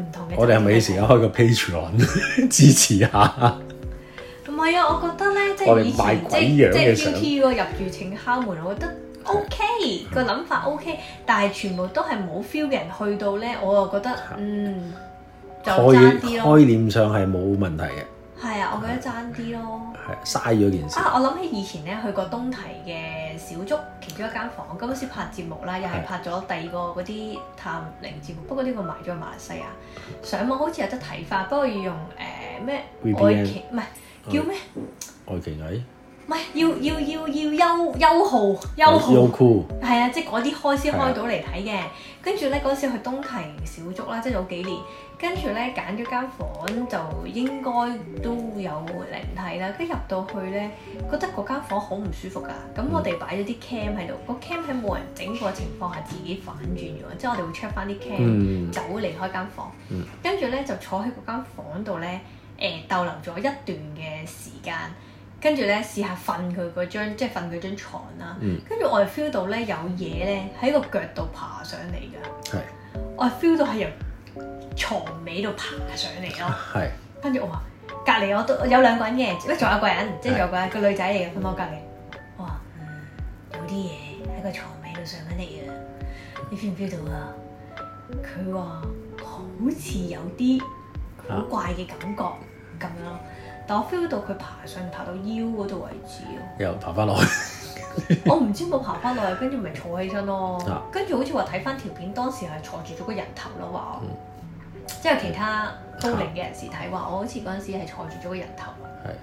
唔同嘅。我哋係咪要時間開個 Patreon 支持下？唔係啊，我覺得咧，即係以前即係即係即係入住請敲門，我覺得 OK 個諗法 OK，但係全部都係冇 feel 嘅人去到咧，我就覺得嗯。爭啲咯概念上係冇問題嘅，係啊，我覺得爭啲咯，係嘥咗件事。啊，我諗起以前咧，去過東堤嘅小竹其中一間房，咁嗰時拍節目啦，又係拍咗第二個嗰啲探靈節目。的不過呢個埋咗馬來西亞，上網好似有得睇法，不過要用誒咩、呃、B 愛奇唔係叫咩愛奇藝，唔係要要要要優優酷優酷，係啊，即係嗰啲開先開到嚟睇嘅。跟住咧嗰時去東堤小竹啦，即係好幾年。嗯嗯嗯嗯跟住咧揀咗間房，就應該都有靈體啦。跟住入到去咧，覺得嗰間房好唔舒服噶。咁我哋擺咗啲 cam 喺度，個 cam 喺冇人整過嘅情況下自己反轉咗，即係我哋會 check 翻啲 cam，走，離開間房。跟住咧就坐喺嗰間房度咧，誒、呃、逗留咗一段嘅時間。跟住咧試下瞓佢嗰張，即係瞓佢張床啦。跟住、嗯、我係 feel 到咧有嘢咧喺個腳度爬上嚟㗎。嗯、我係 feel 到係人。床尾度爬上嚟咯，跟住我話隔離我都有兩個人嘅，即仲有個人，即仲有個人是個女仔嚟嘅，瞓住我隔離，嗯，有啲嘢喺個床尾度上緊嚟嘅，你 feel 唔 feel 到啊？佢話好似有啲好怪嘅感覺咁樣咯，但我 feel 到佢爬，爬上爬到腰嗰度為止，又爬翻落去。 我唔知冇爬翻落去，跟住咪坐起身咯，跟住、啊、好似話睇翻條片當時係坐住咗個人頭咯話。即係其他高齡嘅人士睇話，我好似嗰陣時係坐住咗個人頭，的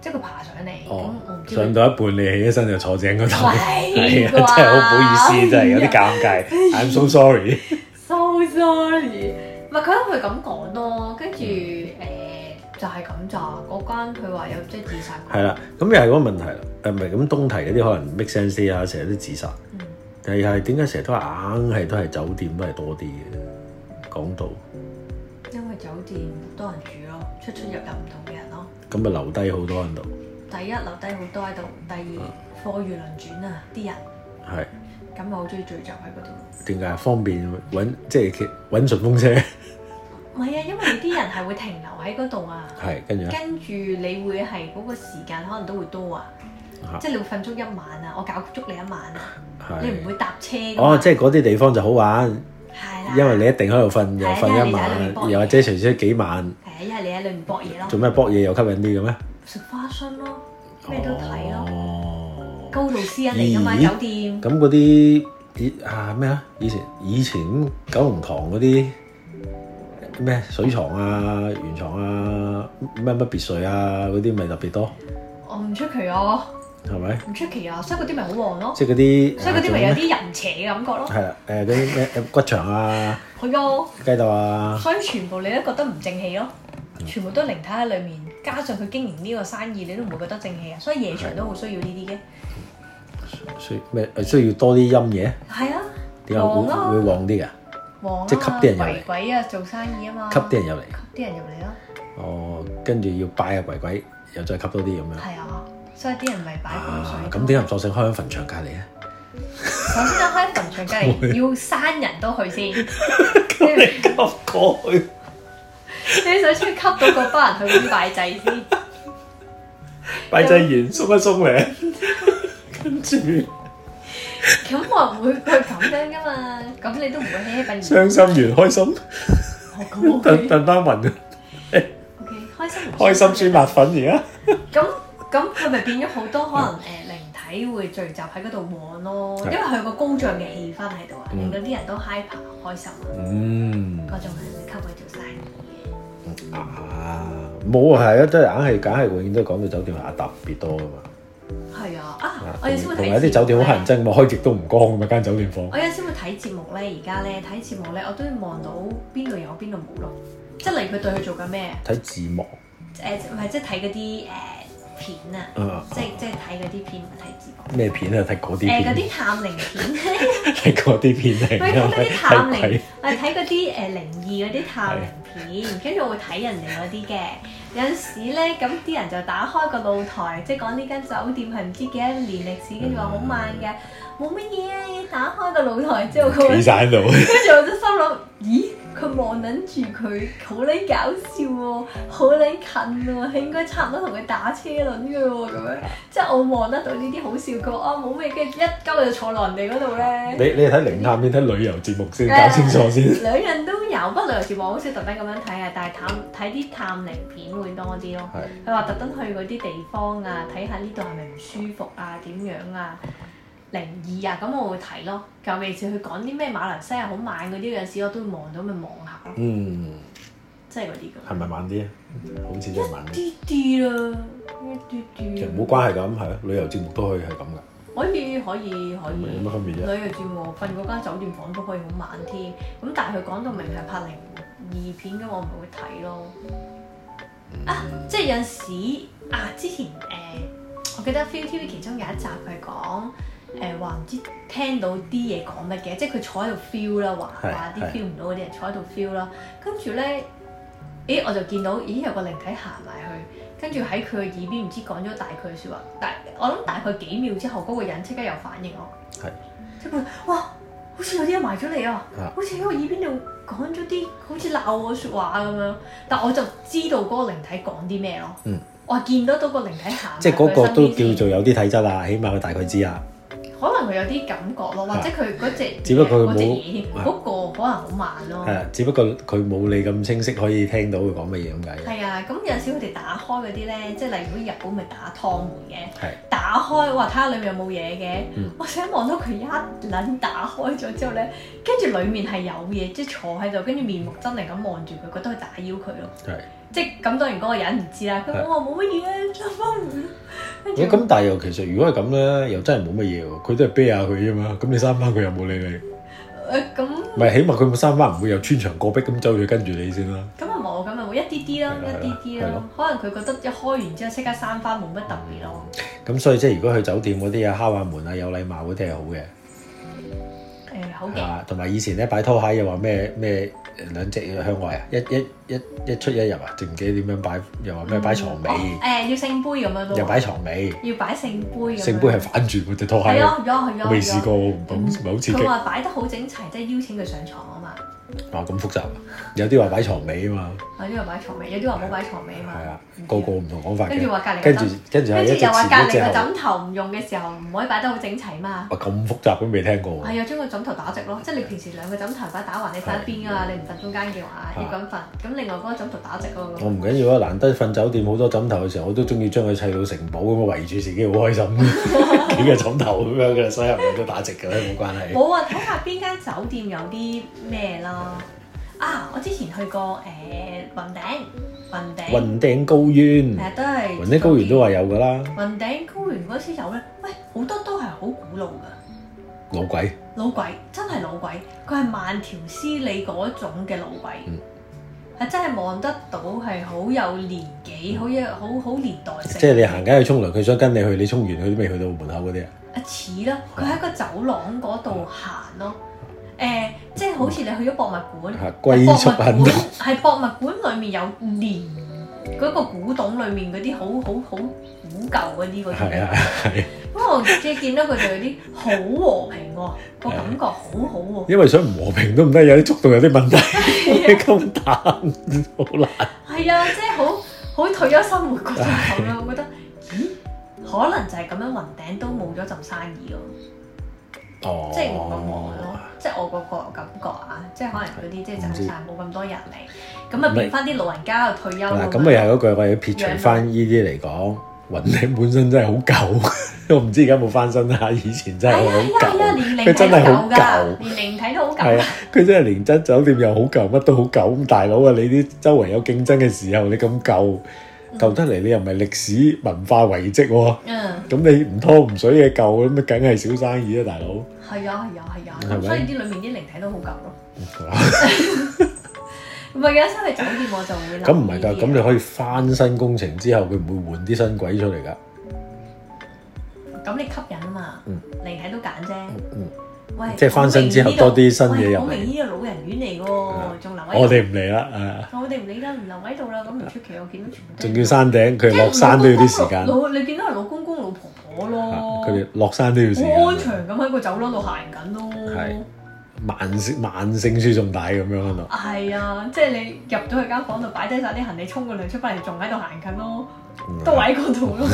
即係佢爬上嚟咁。哦、我唔上到一半，你起一身就坐正個頭，真係好唔好意思，真係有啲尷尬。 I'm so sorry。So sorry，唔係佢都係咁講咯。跟住誒就係咁咋嗰間，佢、那、話、個、有即係、就是、自殺。係啦，咁又係嗰個問題啦。誒唔係咁東堤嗰啲可能 make sense 啊，成日都自殺，嗯、但係點解成日都話硬係都係酒店都係多啲嘅講到。多人住咯，出出入入唔同嘅人咯。咁咪留低好多喺度。嗯、第一留低好多喺度，第二貨如、啊、輪轉啊啲人。係是。咁咪好中意聚集喺嗰度。點解？方便揾即係揾順風車。唔係啊，因為啲人係會停留喺嗰度啊。係， 跟住。跟住你會係嗰個時間可能都會多啊。是即係你會瞓足一晚啊，我搞足你一晚啊。是你唔會搭車。哦，即係嗰啲地方就好玩。因為你一定喺度瞓，又瞓一晚，又或者甚至幾晚。係啊，因為你喺裏面博嘢咯。做咩博嘢又吸引啲嘅咩？食花生咯、啊，咩都睇咯、啊。哦、高露斯啊嚟噶嘛酒店。咁嗰啲以啊咩啊，以前以前九龍塘嗰啲咩水床啊、圓床啊、咩咩別墅啊嗰啲，咪特別多。我唔出奇哦。係咪唔出奇啊？所以嗰啲咪好旺咯。即係嗰啲，所以嗰啲咪有啲人邪嘅感覺咯。係啦，誒嗰啲咩骨場啊，係啊，街道啊，所以全部你都覺得唔正氣咯。全部都靈體喺裏面，加上佢經營呢個生意，你都唔會覺得正氣啊。所以夜場都好需要呢啲嘅。需咩？需要多啲陰嘢。係啊，旺啊，點解會旺啲㗎。旺即係吸啲人入嚟。鬼啊，做生意啊嘛，吸啲人入嚟，吸啲人入嚟咯。哦，跟住要拜下鬼鬼，又再吸多啲咁樣。係啊。所以啲人咪擺棺材。咁啲人作死開喺墳場隔籬啊！首先開墳場隔籬，要山人都去先。跟住吸過去。你想先吸到嗰班人去邊拜祭先？拜祭完鬆一鬆咧。跟住。咁我唔會去咁樣噶嘛。咁你都唔會 happy。傷心完，開心。我講句。瞓瞓翻雲啊！OK，開心。開心轉麥粉而家。咁。咁佢咪變咗好多，可能誒、呃、靈體會聚集喺嗰度望咯，的因為佢個高漲嘅氣氛喺度啊，嗯、令到啲人都 hyper，開心啊，嗰、嗯、種嘅吸佢條曬嘅啊，冇啊，係啊，真係硬係，硬係永遠都係講到酒店係特別多噶嘛。係啊，啊，有我有時會睇。同埋啲酒店好乞人憎啊，的開直都唔光啊，間酒店房。我有時會睇節目咧，而家咧睇節目咧，我都望到邊度有邊度冇咯，即係嚟佢對佢做緊咩？睇字幕。唔係誒、呃，即係睇嗰啲誒。呃片啊，嗯哦，即係即係睇嗰啲片，唔睇字幕。咩片啊？睇嗰啲片。誒嗰啲探靈片，睇嗰啲片係睇嗰啲探靈，係睇嗰啲誒靈異嗰啲探靈片，跟住 我會睇人哋嗰啲嘅。有陣時咧，咁啲人就打開個露台，即係講呢間酒店係唔知幾多年歷史，跟住話好慢嘅。冇乜嘢啊！打開個露台之後，佢企晒喺度，跟住我都心諗：咦？佢望緊住佢，好撚搞笑喎，好撚近喎，佢應該差唔多同佢打車輪嘅喎，咁樣。啊、即係我望得到呢啲好笑角啊，冇咩跟一交就坐落人哋嗰度咧。你你睇靈探你睇、嗯、旅遊節目先搞清楚先、啊。兩人都有，不過旅遊節目我好少特登咁樣睇啊，但係探睇啲探靈片會多啲咯。佢話的特登去嗰啲地方啊，睇下呢度係咪唔舒服啊，點樣啊？靈異啊，咁我會睇咯。尤其是佢講啲咩馬來西亞好猛嗰啲，有時我都望到咪望下咯。看看嗯，即係嗰啲㗎。係咪猛啲？好似真係猛啲啲啦，一啲啲。其實冇關係咁，係咯、啊，旅遊節目都可以係咁㗎。可以可以可以。有乜分別啊？旅遊節目瞓嗰間酒店房都可以好猛啲。咁但係佢講到明係拍靈異片嘅，我唔會睇咯。嗯、啊，即係有時啊，之前誒、呃，我記得 Feel TV 其中有一集佢係講。誒話唔知聽到啲嘢講乜嘅，即係佢坐喺度 feel 啦，話話啲 feel 唔到嗰啲人坐喺度 feel 啦，跟住咧，誒我就見到咦，有個靈體行埋去，跟住喺佢嘅耳邊唔知講咗大概嘅説話，但我諗大概幾秒之後，嗰個人即刻有反應咯，係即係佢哇，好似有啲嘢埋咗嚟啊，是好似喺我耳邊度講咗啲好似鬧我説話咁樣，但我就知道嗰個靈體講啲咩咯，我、嗯、見得到個靈體行，即係嗰個都叫做有啲體質啊，起碼佢大概知啊。可能佢有啲感覺咯，或者佢嗰只，只不過佢冇嗰個可能好慢咯。係啊，只不過佢冇你咁清晰可以聽到佢講乜嘢咁解。係啊，咁有時佢哋打開嗰啲咧，即係例如果日本咪打湯門嘅，是打開哇睇下裡面有冇嘢嘅。嗯、我想望到佢一撚打開咗之後咧，跟住裡面係有嘢，即係坐喺度，跟住面目猙獰咁望住佢，覺得佢打擾佢咯。係。即咁當然嗰個人唔知啦。佢是、哦、我話冇乜嘢啊，就關門。喂，咁但又其實如果係咁咧，又真係冇乜嘢喎。佢都係啤下佢啫嘛。咁你閂翻佢又冇理你。誒咁、呃。咪起碼佢冇閂翻，唔會又穿牆過壁咁走佢跟住你先啦。咁啊冇，咁啊會一啲啲咯，一啲啲咯。可能佢覺得一開完之後即刻閂翻，冇乜特別咯。咁所以即係如果去酒店嗰啲啊，敲下門啊，有禮貌嗰啲係好嘅。誒、嗯嗯、好。同埋、啊、以前咧擺拖鞋又話咩咩。兩隻向外啊，一一一一出一入啊，定唔記得點樣擺？又話咩擺床尾？誒，要聖杯咁樣咯。又擺床尾，要擺聖杯。聖杯係反轉嗰對拖鞋。係啊係啊係啊！未試過，唔好，唔係好刺激。佢話擺得好整齊，即係邀請佢上床啊嘛。啊咁複雜，有啲話擺床尾啊嘛，有啲話擺床尾，有啲話唔好擺床尾啊嘛。係啊的，的個個唔同講法。跟住話隔離，跟住跟住跟住又話隔離個枕頭唔用嘅時候，唔可以擺得好整齊嘛。啊，咁複雜都未聽過喎。係啊，將個枕頭打直咯，的即係你平時兩個枕頭擺打橫喺側邊啊，嘛的，你唔瞓中間嘅話，的要咁瞓。咁另外嗰個枕頭打直咯，啊。那個啊，我唔緊要啊，難得瞓酒店好多枕頭嘅時候，我都中意將佢砌到城堡咁樣圍住自己，好開心啊！幾個枕頭咁樣嘅，所有嘢都打直嘅冇關係。冇啊，睇下邊間酒店有啲咩啦。啊！我之前去過誒雲頂，雲頂，雲頂高原，誒都係雲頂高原都話有噶啦。雲頂高原嗰時有咧，喂好多都係好古老噶老鬼，老鬼真係老鬼，佢係慢條斯理嗰種嘅老鬼，係真係望得到係好有年紀，好有好好年代性。即係你行緊去沖涼，佢想跟你去，你沖完佢都未去到門口嗰啲啊。啊似咯，佢喺個走廊嗰度行咯。誒，即係好似你去咗博物館，啊、出博物館係、嗯、博物館裏面有年嗰、嗰個古董裏面嗰啲好好好古舊嗰啲，係啊係。不過、啊、我即係見到佢哋有啲好和平喎、啊，個、啊、感覺好好、啊、喎。因為想唔和平都唔得，有啲觸動有啲問題，咁淡好難。係 啊，即係好好退休生活嗰種感我覺得咦，可能就係咁樣雲頂都冇咗陣生意咯。 即係我個咯，即係我個個感覺啊！即係可能嗰啲即係就晒冇咁多人嚟，咁啊變翻啲老人家退休啊嘛。咁啊又係一句話要撇除翻呢啲嚟講，雲頂本身真係好舊，我唔知而家冇翻身啊。以前真係好舊，佢真係好舊，年齡睇都好舊。係啊，佢真係連真酒店又好舊，乜都好舊。大佬啊，你啲周圍有競爭嘅時候，你咁舊。舊得嚟，你又唔係歷史文化遺跡喎。嗯。咁你唔拖唔水嘅舊，咁乜梗係小生意啊，大佬。係啊係啊係啊。係咪？所以啲裡面啲靈體都好舊咯。唔係，而家出嚟酒店我就會。咁唔係㗎，咁你可以翻新工程之後，佢唔會換啲新鬼出嚟㗎。咁你吸引啊嘛。嗯。靈體都揀啫。嗯。即係翻身之後多啲新嘢入嚟，好明顯係老人院嚟喎，仲留喺度？我哋唔嚟啦，係。我哋唔理啦，唔留喺度啦，咁唔出奇。啊、我見到仲要山頂，佢落山都要啲時間。公公你見到係老公公老婆婆咯。佢哋落山都要時間。安詳咁喺個走廊度行緊咯。係、啊。萬聖萬聖輸仲大咁樣喺度。係啊，即係你入咗佢間房度擺低晒啲行李，沖個涼出翻嚟，仲喺度行緊咯，都喺度咯。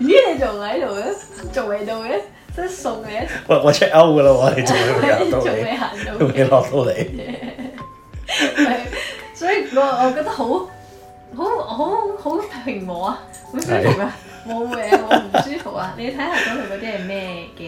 咦？你仲喺度？仲喺度嘅？即送你，我我 check out 噶啦，我你仲未落到嚟，仲未落到嚟，所以我我覺得好好好好平和啊，好舒服啊，冇嘢， 我唔舒服啊，你睇下嗰度嗰啲係咩嘅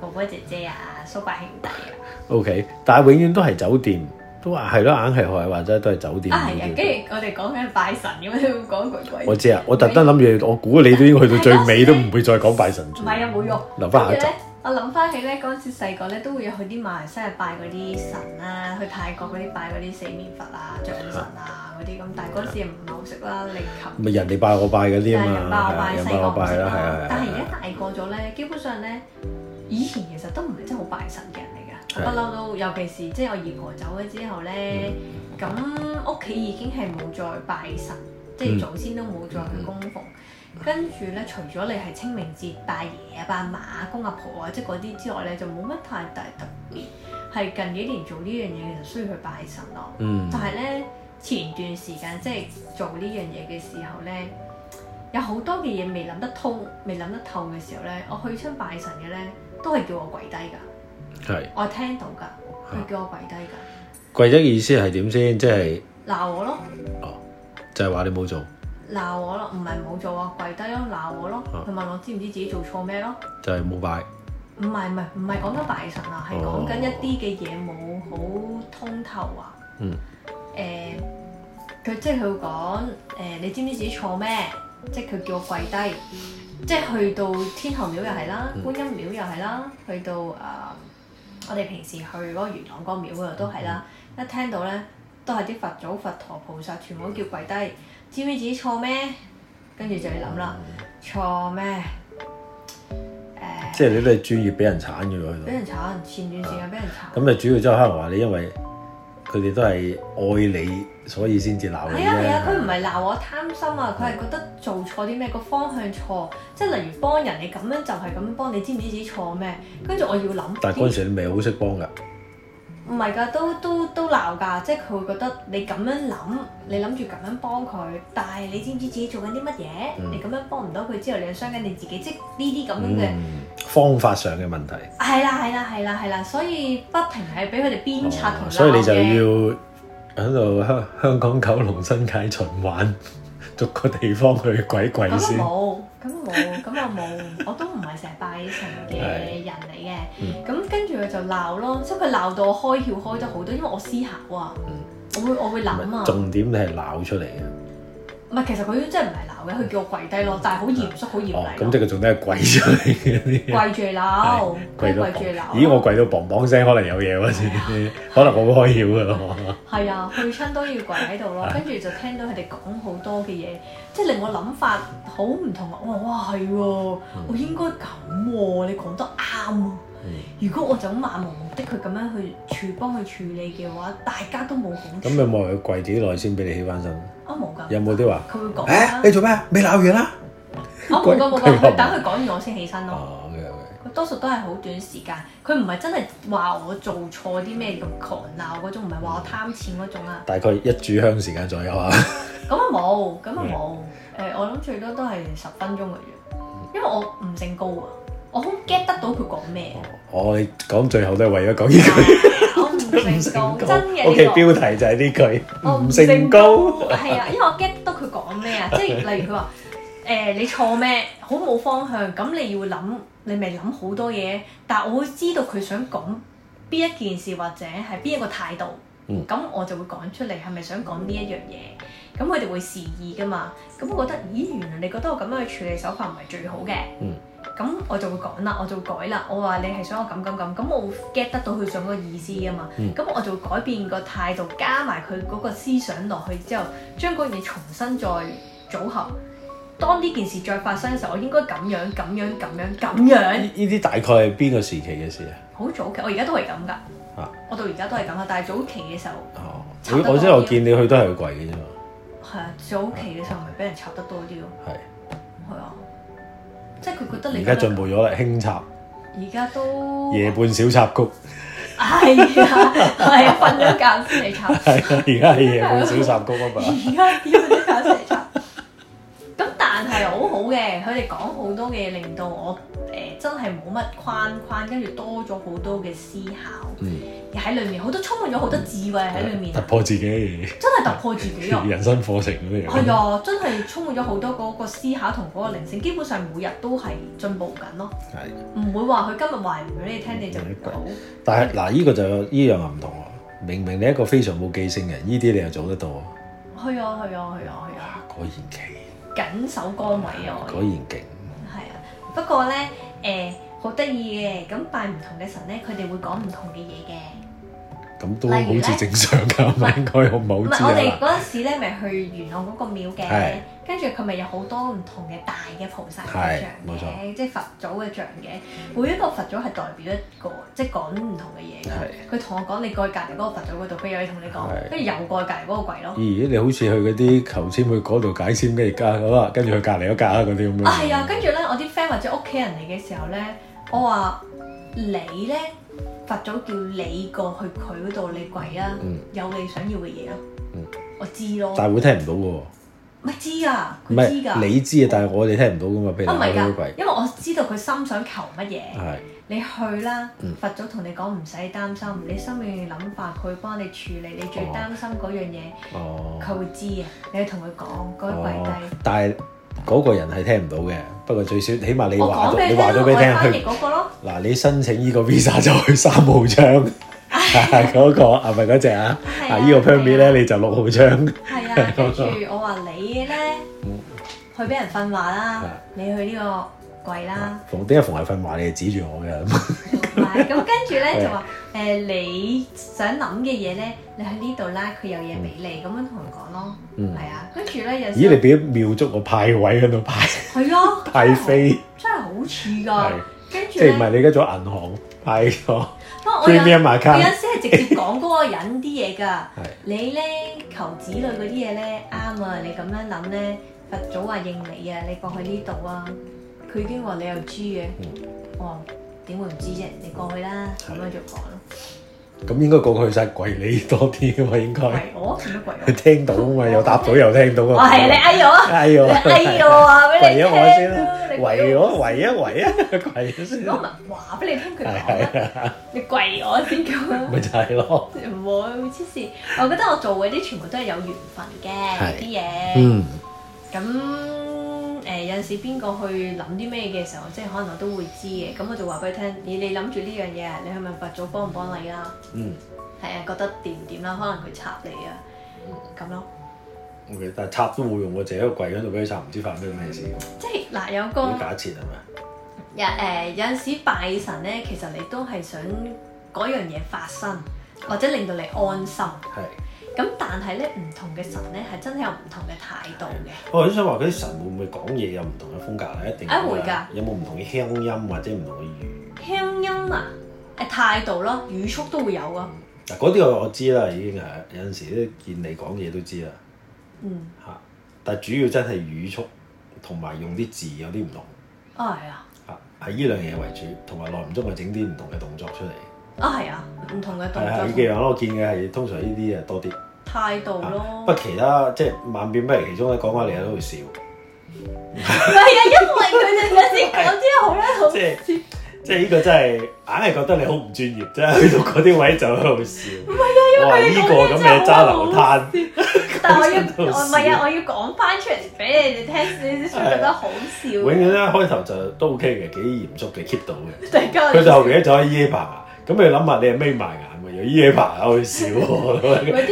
哥哥姐姐啊，叔伯兄弟啊，OK，但係永遠都係酒店。都話係咯，硬係學或者都係酒店。啊，係啊，跟住我哋講緊拜神咁樣，講句鬼。我知啊，我特登諗住，我估你都應該去到最尾都唔會再講拜神。唔係啊，冇用。留翻下我諗翻起咧，嗰陣時細個咧都會有去啲馬來西亞拜嗰啲神啊，去泰國嗰啲拜嗰啲四面佛啊、象神啊嗰啲咁，但係嗰陣時唔係好識啦，你求。咪人哋拜我拜嗰啲啊嘛，人哋拜我拜，細個拜啦，係啊。但係而家大個咗咧，基本上咧，以前其實都唔係真好拜神嘅人嚟。不嬲都，尤其是即係我姨婆走咗之後咧，咁屋企已經係冇再拜神，嗯、即係祖先都冇再去供奉。嗯、跟住咧，除咗你係清明節拜爺啊、拜馬公阿婆啊，即係嗰啲之外咧，就冇乜太大特別。係、嗯、近幾年做呢樣嘢，其實需要去拜神咯。嗯、但係咧，前段時間即係做呢樣嘢嘅時候咧，有好多嘅嘢未諗得通、未諗得透嘅時候咧，我去親拜神嘅咧，都係叫我跪低噶。係，我聽到噶，佢叫我跪低噶。跪低嘅意思係點先？即係鬧我咯。哦，就係話你冇做。鬧我咯，唔係冇做啊，跪低咯，鬧我咯。佢問我知唔知自己做錯咩咯？就係冇拜。唔係唔係唔係講緊拜神啊，係講緊一啲嘅嘢冇好通透啊。誒，佢即係佢會講，誒，你知唔知自己錯咩？即係佢叫我跪低，即係去到天后廟又係啦，觀音廟又係啦，去到啊。我哋平時去嗰個元朗嗰廟嗰度都係啦，嗯、一聽到咧都係啲佛祖、佛陀、菩薩，全部都叫跪低，知唔知自己錯咩？跟住就去諗啦，錯咩、嗯？誒，呃、即係你都係專業俾人鏟嘅喎，喺度。俾人鏟，前段時間俾人鏟。咁你、嗯、主要即刻話你因為佢哋都係愛你。所以先至鬧你。係啊係啊，佢唔係鬧我貪心啊，佢係覺得做錯啲咩，個方向錯，即係例如幫人，你咁樣就係咁樣幫，你知唔知自己錯咩？跟住我要諗。但係嗰陣時你未好識幫㗎。唔係㗎，都都都鬧㗎，即係佢會覺得你咁樣諗，你諗住咁樣幫佢，但係你知唔知自己做緊啲乜嘢？你咁樣幫唔到佢之後，你又傷緊你自己，即係呢啲咁樣嘅方法上嘅問題。係啦係啦係啦係啦，所以不停係俾佢哋鞭策同鬧嘅。所以你就要。喺度香香港九龍新界循環逐個地方去鬼鬼先？冇，咁冇，咁又冇，我都唔係成日拜神嘅人嚟嘅。咁的跟住佢就鬧咯，即係佢鬧到我開竅開得好多，因為我思考啊，嗯、我會我會諗啊。重點你係鬧出嚟嘅。唔係，其實佢真係唔係鬧嘅，佢叫我跪低咯，但係好嚴肅，好嚴厲咯。咁即係佢仲都要跪住嚟嘅啲。跪住嚟鬧，跪跪住嚟鬧。咦，我跪到梆梆聲，可能有嘢嗰時，可能我會開竅嘅咯。係啊，去親都要跪喺度咯，跟住就聽到佢哋講好多嘅嘢，即係令我諗法好唔同啊！哇，哇係喎，我應該咁喎，你講得啱！如果我就咁漫無目的佢咁樣去處幫佢處理嘅話，大家都冇講。咁咪望佢跪幾耐先俾你起翻身？我冇噶，哦、有冇啲話？佢會講啦、欸。你做咩？未鬧完啦、啊？我冇噶冇噶，我等佢講完我先起身咯。佢多數都係好短時間，佢唔係真係話我做錯啲咩咁狂鬧嗰種，唔係話我貪錢嗰種啊。大概一炷香時間左右啊。咁啊冇，咁啊冇。誒，我諗最多都係十分鐘嘅啫，因為我唔姓高啊。我好 get 得到佢講咩？我講、哦、最後都係為咗講呢句。 我唔識講真嘅的呢、呢個。屋企 Okay, 標題就係呢句。五星高係啊，因為我 get 到佢講咩啊， 即係例如佢話誒你錯咩，好冇方向，咁你要諗，你咪諗好多嘢。但係我會知道佢想講邊一件事或者係邊一個態度。嗯。咁我就會講出嚟，係咪想講呢一樣嘢？咁佢哋會示意㗎嘛？咁我覺得，咦，原來你覺得我咁樣嘅處理手法唔係最好嘅。嗯。咁我就會講啦，我就會改啦。我話你係想我咁咁咁，咁我會 get 得到佢想個意思啊嘛。咁、嗯、我就會改變個態度，加埋佢嗰個思想落去之後，將嗰樣嘢重新再組合。當呢件事再發生嘅時候，我應該咁樣、咁樣、咁樣、咁樣。呢啲大概係邊個時期嘅事啊？好早期，我而家都係咁㗎。我到而家都係咁啊，但係早期嘅時候。啊、哦，我即係我見你去都係去貴嘅啫嘛。係啊，早期嘅時候咪俾人插得多啲咯。係。即係佢覺得你而家進步咗啦，輕插。而家都夜半，夜半小插曲。係 啊，係啊，瞓咗覺先嚟插。係而家係夜半小插曲 啊嘛。而家點會啲插？ 但係好好嘅，佢哋講好多嘢，令到我誒真係冇乜框框，跟住多咗好多嘅思考，喺裏面好多充滿咗好多智慧喺裏面，突破自己，真係突破自己，人生課程嗰啲嘢，係啊，真係充滿咗好多嗰個思考同嗰個靈性，基本上每日都係進步緊咯，唔會話佢今日話唔俾你聽，你就唔補。但係嗱，呢個就呢樣唔同啊！明明你一個非常冇記性嘅，呢啲你又做得到啊？係啊，係啊，係啊，係啊！果然奇。緊守崗位喎，果然勁。係啊，不過咧，誒、呃，好得意嘅，咁拜唔同嘅神咧，佢哋會講唔同嘅嘢嘅。咁都好似正常㗎，唔應該唔好知唔係我哋嗰陣時咧，咪去元朗嗰個廟嘅，跟住佢咪有好多唔同嘅大嘅菩薩嘅像嘅，即係佛祖嘅像嘅。每一個佛祖係代表一個，即係講唔同嘅嘢。佢同我講：你過去隔離嗰個佛祖嗰度，如有嘢同你講，跟住又過隔離嗰個櫃咯。咦？你好似去嗰啲求簽去嗰度解簽嘅而家，好啊？跟住去隔離嗰隔啊嗰啲咁樣。啊，係啊！跟住咧，我啲 friend 或者屋企人嚟嘅時候咧，我話你咧。佛祖叫你過去佢嗰度，你跪啊，有你想要嘅嘢咯。我知咯。但會聽唔到噶喎。咪知啊，知㗎。你知啊，但係我哋聽唔到噶嘛。譬如你跪喺嗰個，因為我知道佢心想求乜嘢，你去啦。佛祖同你講唔使擔心，你心裏嘅諗法佢幫你處理，你最擔心嗰樣嘢佢會知啊。你去同佢講，嗰個跪低。但係。嗰個人係聽唔到嘅，不過最少起碼你話到，你話咗俾聽佢。嗱，你申請呢個 visa 就去三號窗，嗰個係咪嗰隻啊？呢個 permit 咧你就六號窗。係啊，跟住我話你咧，去俾人訓話啦。你去呢個櫃啦。逢啲啊，逢係訓話，你係指住我嘅。咁跟住咧就話誒你想諗嘅嘢咧，你喺呢度啦，佢有嘢俾你咁樣同佢講咯，係啊，跟住咧有時你俾廟祝個派位喺度派，係啊，派飛真係好處㗎，跟住即係唔係你而家做銀行派咗 Premium 卡，我有時係直接講嗰個人啲嘢㗎，你咧求子女嗰啲嘢咧啱啊，你咁樣諗咧佛祖話應你啊，你過去呢度啊，佢已經話你又豬嘅，哦。點會唔知啫？你過去啦，咁樣就講咯。咁應該過去晒，跪你多啲嘅嘛，應該。係我做乜跪你佢聽到啊嘛，又答到又聽到啊。係你哎我，啊！哎呦，哎呦啊！跪我先啦，跪我跪一跪啊，跪先。我唔係話俾你聽，佢講。你跪我先咁。咪就係咯。唔會，黐線，我覺得我做嗰啲全部都係有緣分嘅啲嘢。嗯。咁。.誒，有陣時邊個去諗啲咩嘅時候，即係可能我都會知嘅。咁我就話俾佢聽，你你諗住呢樣嘢，你係咪佛祖幫唔幫你啊？嗯，係啊，覺得掂唔掂啦，可能佢插你啊，咁咯、嗯。樣 o、okay, K，但係插都冇用喎，就喺個櫃嗰度俾佢插，唔知發生咩事。嗯、麼即係嗱、呃，有個嘅假設係咪啊？誒、呃，有陣時拜神咧，其實你都係想嗰樣嘢發生，或者令到你安心。係、嗯。Oh 咁但係咧，唔同嘅神咧係真係有唔同嘅態度嘅。我都想話，嗰啲神會唔會講嘢有唔同嘅風格咧？一定啊會㗎，會嘅。有冇唔同嘅鄉音或者唔同嘅語鄉音啊？係態度咯，語速都會有啊。嗱，嗰啲我知啦，已經係有陣時都見你講嘢都知啦。嗯。吓，但係主要真係語速同埋用啲字有啲唔同。啊係啊。吓，係呢兩樣嘢為主，同埋耐唔中係整啲唔同嘅動作出嚟。啊係啊，唔、啊、同嘅動作，嗯。係係，我見嘅係通常呢啲啊多啲。嗯。態度咯，啊、不過其他即係萬變不離其中咧，講翻你我都會笑。唔係啊，因為佢哋有啲有之好咧，好 即係即係呢個真係硬係覺得你好唔專業，真係 去到嗰啲位就喺度笑。唔係啊，因為呢、呢個咁嘅揸流攤。灘 但係我要，唔係啊，我要講翻出嚟俾你哋聽，你先覺得好笑。， 永遠咧開頭就都 OK 嘅，幾嚴肅嘅 keep 到嘅。佢 就後邊咧就喺咿巴，咁你諗下，你係眯埋眼。依嘢排下去笑喎！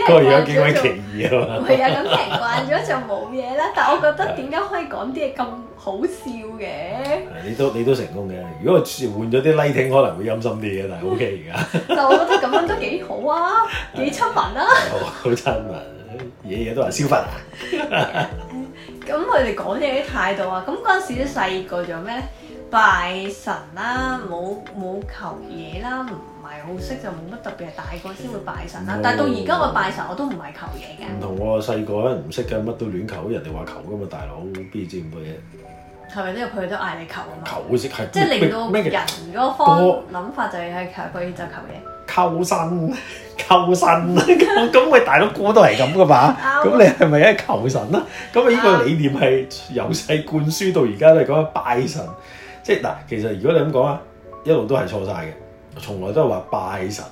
個 樣幾鬼奇異啊！嘛、嗯。係啊、嗯，咁奇慣咗就冇嘢啦。但我覺得點解可以講啲嘢咁好笑嘅、嗯？你都你都成功嘅。如果換咗啲 lighting 可能會陰森啲嘅，但係 OK 而家。但我覺得咁樣都幾好啊，幾親民啦。好親民，嘢嘢都係消化。咁佢哋講嘢啲態度啊，咁嗰陣時啲細個仲有咩咧？拜神啦、啊，冇冇求嘢啦。係好識就冇乜特別，係大個先會拜神啦、啊。但係到而家我拜神，我都唔係求嘢嘅。唔同喎，細個唔識嘅，乜都亂求，人哋話求㗎嘛，大佬，邊知唔知嘢。係咪呢個佢都嗌你求啊嘛？求會識係，即係令到人嗰方諗法就係求，佢，就求嘢。求神，求神咁喂、那個、大佬哥 都係咁㗎嘛？咁吧你係咪一求神啊？咁啊，呢個理念係由細灌輸到而家都係講拜神，即係嗱，其實如果你咁講啊，一路都係錯晒嘅。從來都係話拜神，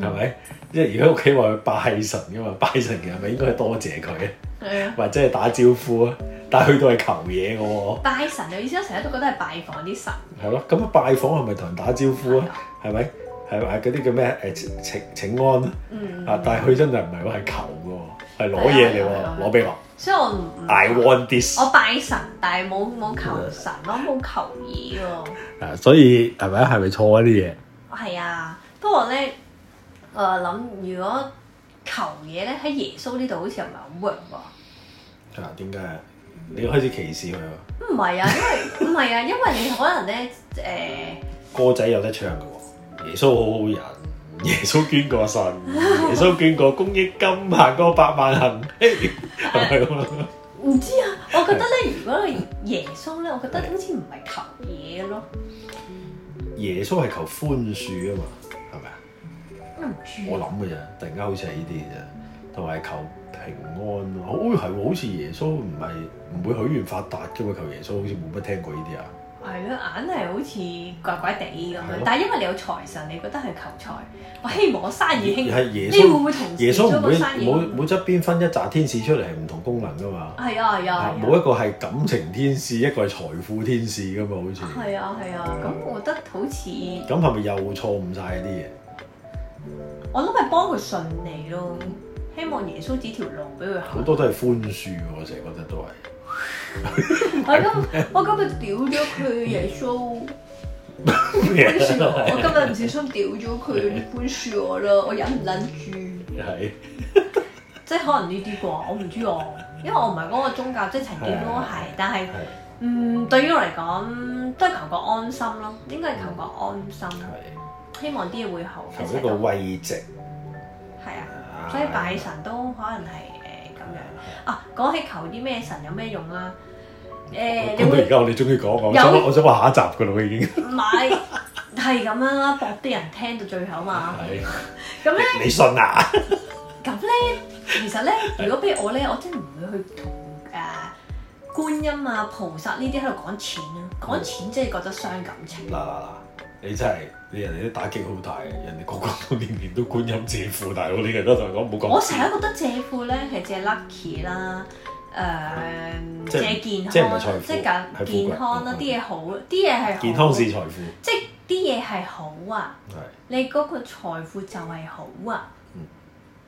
係咪？即、嗯、為而家屋企話去拜神嘅嘛，拜神嘅係咪應該係多謝佢啊？係啊呀，或者係打招呼啊？但係去到係求嘢嘅喎。拜神就意思成日都覺得係拜訪啲神。係咯，咁拜訪係咪同人打招呼啊？係咪、嗯？係咪嗰啲叫咩？誒、呃、請請安、嗯、啊！但係佢真係唔係喎，係求嘅喎，係攞嘢嚟喎，攞俾我。所以我唔 want 我拜神，但係冇冇求神咯，冇 求嘢喎。啊， 所以係咪係咪錯一啲嘢？係啊，不過咧，誒諗如果求嘢咧，喺耶穌呢度好似又唔係咁 work 喎。啊？點解你要開始歧視佢 啊？唔係啊，因為唔係啊，因為你可能咧誒，呃、歌仔有得唱噶喎，耶穌好好人。耶穌捐個神， 耶穌捐個公益金行嗰百萬行，係咪咁啊？唔知啊，我覺得咧，如果係耶穌咧，我覺得好似唔係求嘢咯。耶穌係求寬恕啊嘛，係咪啊？ 我諗嘅啫，突然間好似係呢啲嘅啫，同埋求平安。哦、哎，係喎，好似耶穌唔係唔會許願發達嘅嘛，求耶穌好似冇乜聽過呢啲啊。係咯，硬係好似怪怪地咁樣，的但係因為你有財神，你覺得係求財。我希望我生意興，耶耶你會唔會同耶穌做個生意會？冇冇側邊分一紮天使出嚟，係唔同功能噶嘛？係啊，有冇一個係感情天使，一個係財富天使噶嘛？好似係啊，係啊，咁的、嗯、我覺得好似咁係咪又錯誤曬啲嘢？我諗係幫佢順利咯，希望耶穌指條路俾佢行。好多都係寬恕，我成日覺得都係。我今我今日屌咗佢耶穌，我今日唔小心屌咗佢，本恕我啦，我忍唔捻住，係， 即係可能呢啲啩，我唔知我，因為我唔係嗰個宗教即係曾經都係， 但係嗯對於我嚟講都係求個安心咯，應該係求個安心，希望啲嘢會好，求一個慰藉，係啊的，所以拜神都可能係。啊，講起求啲咩神有咩用啊？誒、欸，咁到而家我哋終於講，有我想我想話下一集噶啦，已經是。唔係， 係咁樣啦，搏啲人聽到最後啊嘛。係的。咁咧 呢？你信啊？咁 咧，其實咧，如果俾我咧，我真係唔會去同誒、啊、觀音啊、菩薩呢啲喺度講錢啊，講錢真係覺得傷感情。嗱嗱嗱，你真係～啲人哋都打擊好大嘅，人哋個個都年年都觀音借庫，大佬。你啲人咧同我講唔好講。我成日覺得借富咧係借 lucky 啦，誒、呃、即借健康，即係健康啦、啊，啲嘢、嗯、好，啲嘢係健康是財富，即係啲嘢係好啊，的你嗰個財富就係好啊，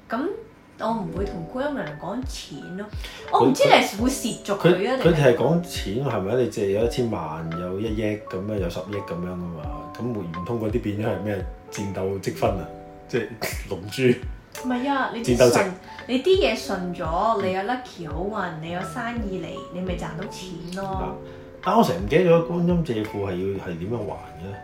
咁、嗯。嗯我唔會同觀音娘娘講錢咯，我唔知你會涉足佢啊？佢哋係講錢係咪？你借有一千萬，有一億咁樣，有十億咁樣啊嘛？咁唔通嗰啲變咗係咩戰鬥積分啊？即係龍珠？唔係 啊，你戰鬥，你啲嘢順咗，你有 lucky 好運，你有生意嚟，你咪賺到錢咯。但我成日唔記得咗觀音借庫係要係點樣還嘅咧？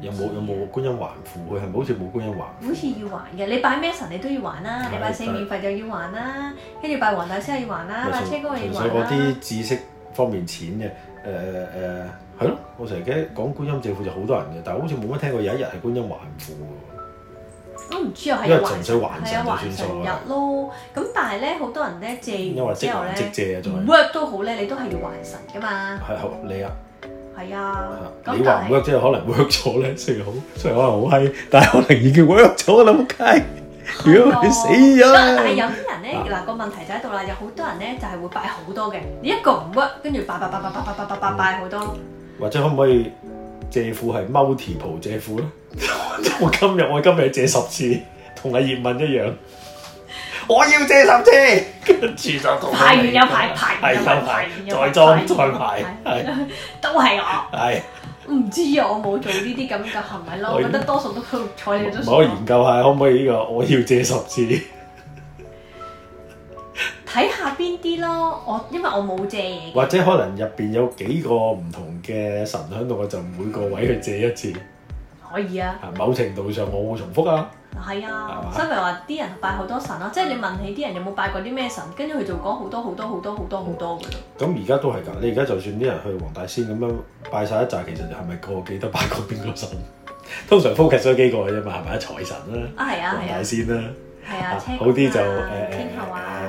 有冇有冇係觀音還庫佢係咪？係係好似冇觀音還。好似要還嘅，你拜咩神你都要還啦、啊，係你拜四面佛就要還啦、啊，跟住拜黃大仙要還啦、啊，拜係車公要還啦、啊。純粹嗰啲知識方面淺嘅，誒誒係咯，我成日記得講觀音借庫就好多人嘅，但係好似冇乜聽過有一日係觀音還庫喎。我唔知又係因為純粹還神而算神日咯。咁但係咧，好多人咧借因為即，還即借、就是。後咧，都好咧，你都係要還神嘅嘛。係好你啊。係啊，你話唔屈即係可能屈咗咧，雖然好，雖然可能好閪，但係可能已經屈咗啦，冇計，如果你死咗。但係有啲人咧，嗱個問題就喺度啦，有好多人咧就係會拜好多嘅，你一個唔屈，跟住拜拜拜拜拜拜拜拜拜好多。或者可唔可以借庫係 multiple 借庫咧？我今日我今日借十次，同阿葉問一樣。我要借十次，跟住就排完又排，排完又排，再裝再排，係都係我。係唔知啊，我冇做呢啲咁嘅行為咯。我覺得多數都喺度坐住都。我研究下可唔可以呢個？我要借十次，睇下邊啲咯。我因為我冇借，或者可能入邊有幾個唔同嘅神喺度，我就每個位去借一次。可以啊。某程度上我會重複啊。係啊，所以咪話啲人拜好多神咯，啊，即、就、係、是、你問起啲人有冇拜過啲咩神，跟住佢就講好多好多好多好多好多噶。咁而家都係噶，你而家就算啲人去黃大仙咁樣拜晒一紮，其實係咪個記得拜過邊個神？嗯、通常 focus 咗幾個嘅啫嘛，係咪一財神啦，啊係啊，黃、啊啊、大仙啦，係啊，啊啊嗯、好啲就誒。誒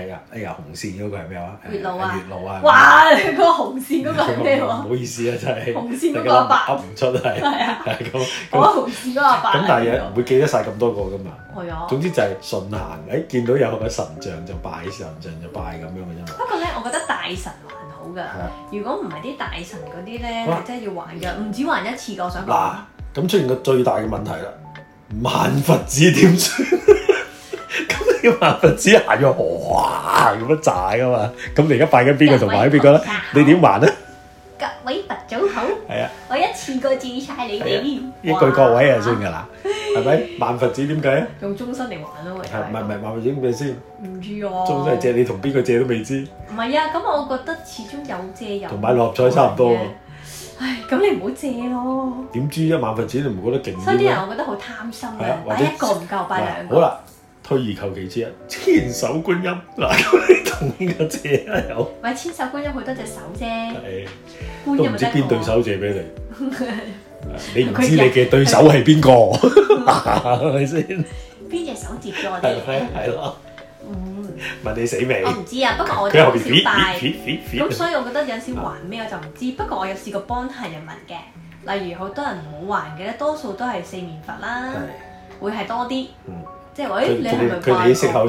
誒呀誒呀紅線嗰個係咩話？月老啊！月老啊！哇！你個紅線嗰個係咩話？唔好意思啊，真係紅線嗰個阿伯，噏唔出啊，係係啊，係咁咁紅線嗰個阿伯咁，但係唔會記得晒咁多個噶嘛。係啊。總之就係順行誒，見到有個神像就拜，神像就拜咁樣嘅啫嘛。不過咧，我覺得大神還好㗎。係啊。如果唔係啲大神嗰啲咧，真係要還嘅，唔止還一次過。我想講嗱，咁出現個最大嘅問題啦，萬佛寺點算？一萬佛寺行咗哇，咁樣炸噶嘛？咁你而家拜緊邊個同埋啲邊個咧？你點還咧？各位佛祖好，係啊，我一次過借晒你哋一句各位啊，哇個個位就算噶啦，係咪？萬佛寺點計啊？用終身嚟還咯，係咪？唔係唔係，萬佛寺唔借先，唔知我終、啊、身借你同邊個借都未知。唔係啊，咁我覺得始終有借又同埋六合彩差唔多、啊、唉，咁你唔好借咯。點知一、啊、萬佛寺你唔覺得勁、啊？所以啲人我覺得好貪心嘅、啊，啊、拜一個唔夠，拜兩個、啊。好啦。推而求其次啊！千手觀音，嗱，呢你邊個借啊？有，喂，千手觀音好多隻手啫，觀音唔知邊對手借俾你。你唔知你嘅對手係邊個？係咪先？邊隻手接咗我哋？係咯，嗯，問你死未？我唔知啊，不過我有試過，咁所以我覺得有時還咩我就唔知。不過我有試過幫閒人民嘅，例如好多人唔好還嘅咧，多數都係四面佛啦，會係多啲。即係喂，他你係咪拜？識口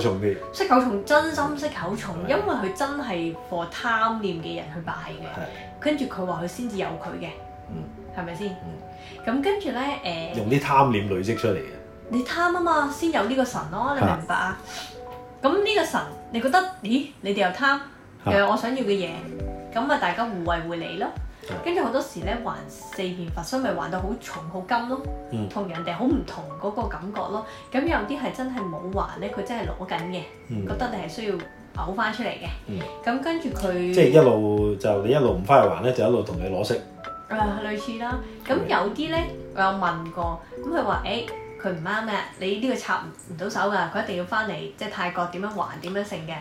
重真心識口重，口重嗯、因為佢真係為貪念嘅人去拜嘅。跟住佢話佢先至有佢嘅，係咪先？咁跟住咧，誒，用啲貪念累積出嚟嘅。你貪啊嘛，先有呢個神咯，你明白啊？咁呢個神，你覺得，咦？你哋又貪，又、啊、有我想要嘅嘢，咁咪大家互惠互利咯。跟住好多時咧還四件佛，所以咪還到好重好金咯，嗯、人同人哋好唔同嗰個感覺咯。咁有啲係真係冇還咧，佢真係攞緊嘅，嗯、覺得你係需要嘔翻出嚟嘅。咁、嗯、跟住佢即係一路就你一路唔翻去還咧，就一路同你攞息。啊、嗯，類似啦。咁有啲咧，我有問過，咁佢話誒。誒佢唔啱咩？你呢個插唔到手噶，佢一定要翻嚟，即係泰國點樣還點樣剩嘅。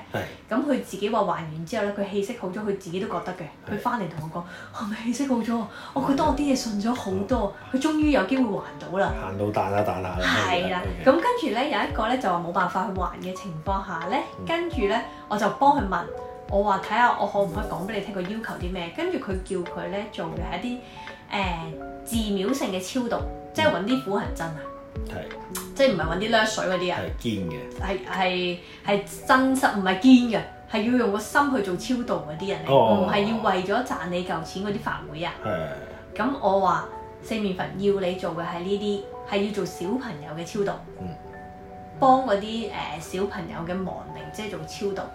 咁佢的自己話還完之後咧，佢氣息好咗，佢自己都覺得嘅。佢翻嚟同我講：我、哦、咪氣息好咗，我覺得我啲嘢順咗好多。佢、嗯、終於有機會還到啦。行到彈啦彈啦。係啦，咁的 Okay. 跟住咧有一個咧就話冇辦法去還嘅情況下咧，嗯、跟住咧我就幫佢問，我話睇下我可唔可以講俾你聽個要求啲咩？嗯、跟住佢叫佢咧做嘅係一啲誒、呃、寺廟性嘅超度，即係揾啲苦行僧啊。係，即係唔係搵啲掠水嗰啲啊？係堅嘅，係係係真實，唔係堅嘅，係要用個心去做超度嗰啲人，嚟、哦，唔係要為咗賺你舊錢嗰啲法會啊。係是，咁我話四面佛要你做嘅係呢啲，係要做小朋友嘅超度，幫嗰啲誒小朋友嘅亡靈，即係做超度，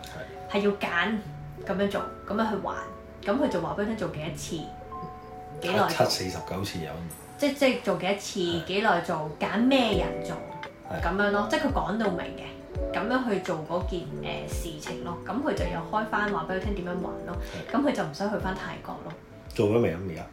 係是要揀咁樣做，咁樣去還，咁佢就話俾你聽做幾多次，幾耐？七四十九次有。即做做做的即做幾多次，幾耐做，揀咩人做咁樣咯，即佢講到明嘅，咁樣去做嗰件誒事情咯。咁佢就又開翻話俾佢聽點樣玩咯。咁佢就唔使去翻泰國咯。做咗未啊？未啊。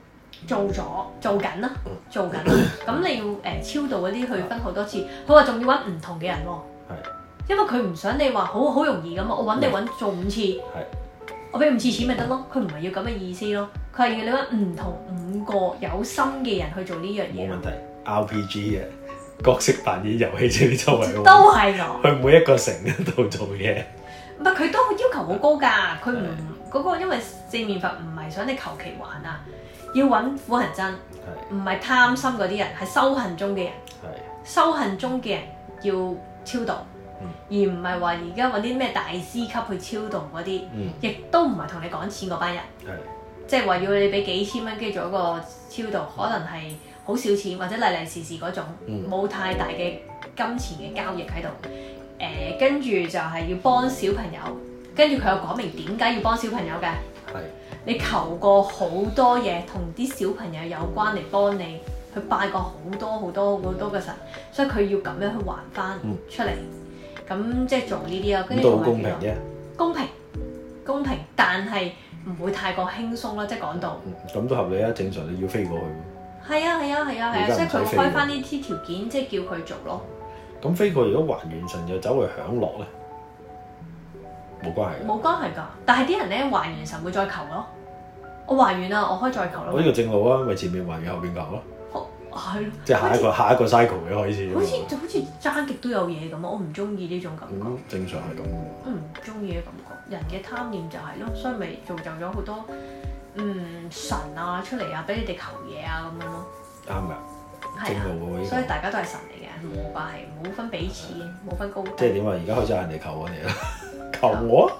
做咗，做緊啦，做緊啦。咁你要誒超度嗰啲去分好多次。佢話仲要揾唔同嘅人喎。係。因為佢唔想你話好好容易咁我揾你揾的做五次。係。我俾五次錢咪得咯，佢唔係要咁嘅意思咯。佢係要你揾唔同五個有心嘅人去做呢樣嘢。冇問題，RPG 嘅、啊、角色扮演遊戲之類周圍都係噶。去每一個城度做嘢。唔係佢都要求好高噶，佢唔嗰個，因為四面佛唔係想你求其玩啊，要揾苦行僧，唔係貪心嗰啲人，係修行中嘅人，的修行中嘅人要超度。而唔係話而家揾啲咩大師級去超度嗰啲，亦都唔係同你講錢嗰班人，即係話要你俾幾千蚊，跟住做一個超度，可能係好少錢或者利利是是嗰種，冇、嗯、太大嘅金錢嘅交易喺度。跟、呃、住就係要幫小朋友，跟住佢又講明點解要幫小朋友嘅。的你求過好多嘢同啲小朋友有關，嚟幫你，去拜過好多好多好多個神，所以佢要咁樣去還翻出嚟。嗯咁即係做呢啲啊，跟住唔會公平啫。公平，公平，但係唔會太過輕鬆啦，即係講到。咁都、嗯、合理啊，正常你要飛過去。係啊係啊係啊係啊，即係佢開翻呢啲條件，即係、啊、叫佢做咯。咁飛過去，如果還完神就走去享樂咧，冇關係。冇關係㗎，但係啲人咧還完神會再求咯。我還完啦，我開再求啦。我呢個正路啊，咪前面還完後邊求啦。即係下一個下一個 cycle 嘅開始。好似就好似爭極都有嘢咁，我唔中意呢種感覺。正常係咁。我唔中意嘅感覺，人嘅貪念就係咯，所以咪造就咗好多嗯、神啊出嚟啊，俾你哋求嘢啊咁樣咯。啱㗎。係啊。所以大家都係神嚟嘅，冇話冇分彼此，冇分高低。即係點啊？而家開始係人哋求我哋啦，求我？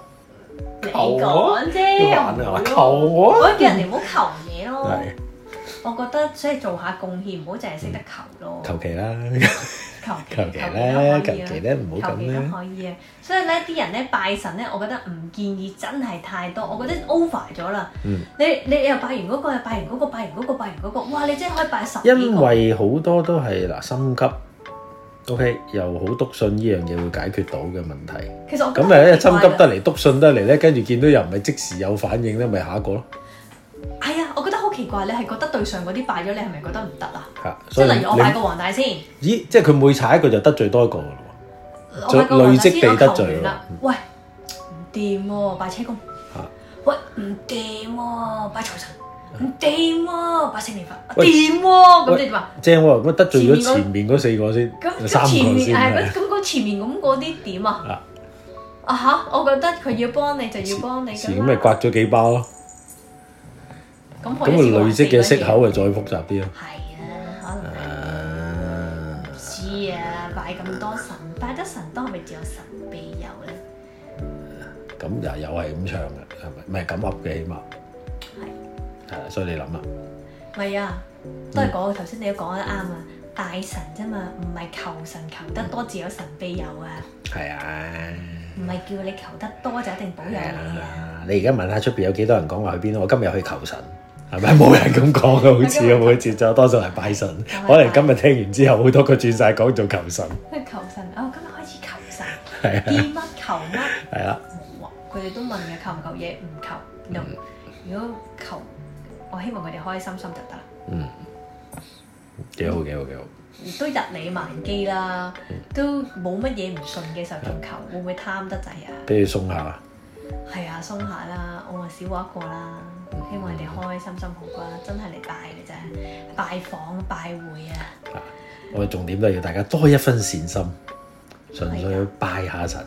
你講啫，求我。我叫人哋唔好求嘢咯。我覺得所以做下貢獻，唔好淨係識得求咯。求其啦，求求其咧，求其咧，唔好咁樣。可以啊，所以咧啲人咧拜神咧，我覺得唔建議真係太多，嗯、我覺得 over 咗啦。嗯、你你又拜完嗰個，又拜完嗰個，拜完嗰個，拜完嗰個，哇！你真係可以拜十、呢個。因為好多都係嗱心急，OK，又好篤信呢樣嘢會解決到嘅問題。其實我咁啊，因為心急得嚟篤信得嚟咧，跟住見到又唔係即時有反應咧，咪下一個咯。係啊、哎呀。你係覺得對上嗰啲拜咗，你係咪覺得唔得啊？係，所以我拜個黃大仙。咦，即係佢每踩一個就得罪多一個咯。我覺得累積咁得罪啦。喂，唔掂喎，拜車公。嚇！喂，唔掂喎，拜財神。唔掂喎，拜四面佛。掂喎，咁你點話？正喎，咁得罪咗前面嗰四個先。咁前面誒，咁嗰前面咁嗰啲點啊？啊嚇！我覺得佢要幫你就要幫你啦。咁咪刮咗幾包咯？咁佢累積嘅息口係再複雜啲咯。係、嗯、啊，可能唔、啊、知啊，拜咁多神，拜得神多咪自有神庇佑咧？咁、嗯啊、又又係咁唱嘅，係咪？唔係咁噏嘅，起碼係係是、啊、所以你諗啊？唔啊，都係講頭先，嗯、你都講得啱啊。拜神啫嘛，唔係求神求得多自、嗯、有神庇佑啊。係啊，唔係叫你求得多就一定保佑啊。你而家問下出邊有幾多人講話去邊？我今日去求神。係咪冇人咁講啊？好似每次就多數係拜神，可能今日聽完之後，好多個轉晒講做求神。咩求神哦，今日開始求神，係啊，見乜求乜。係啊。冇啊。佢哋都問嘅，求唔求嘢？唔求又如果求，我希望佢哋開心心就得。嗯，幾好幾好幾好。都日理萬機啦，都冇乜嘢唔信嘅時候仲求，會唔會貪得滯啊？俾你鬆下。係啊，鬆下啦，我話少話一個啦。希望你哋開開心心好過啦，真係嚟拜嘅啫，拜訪拜會啊。我嘅重點都要大家多一分善心，純粹拜下神，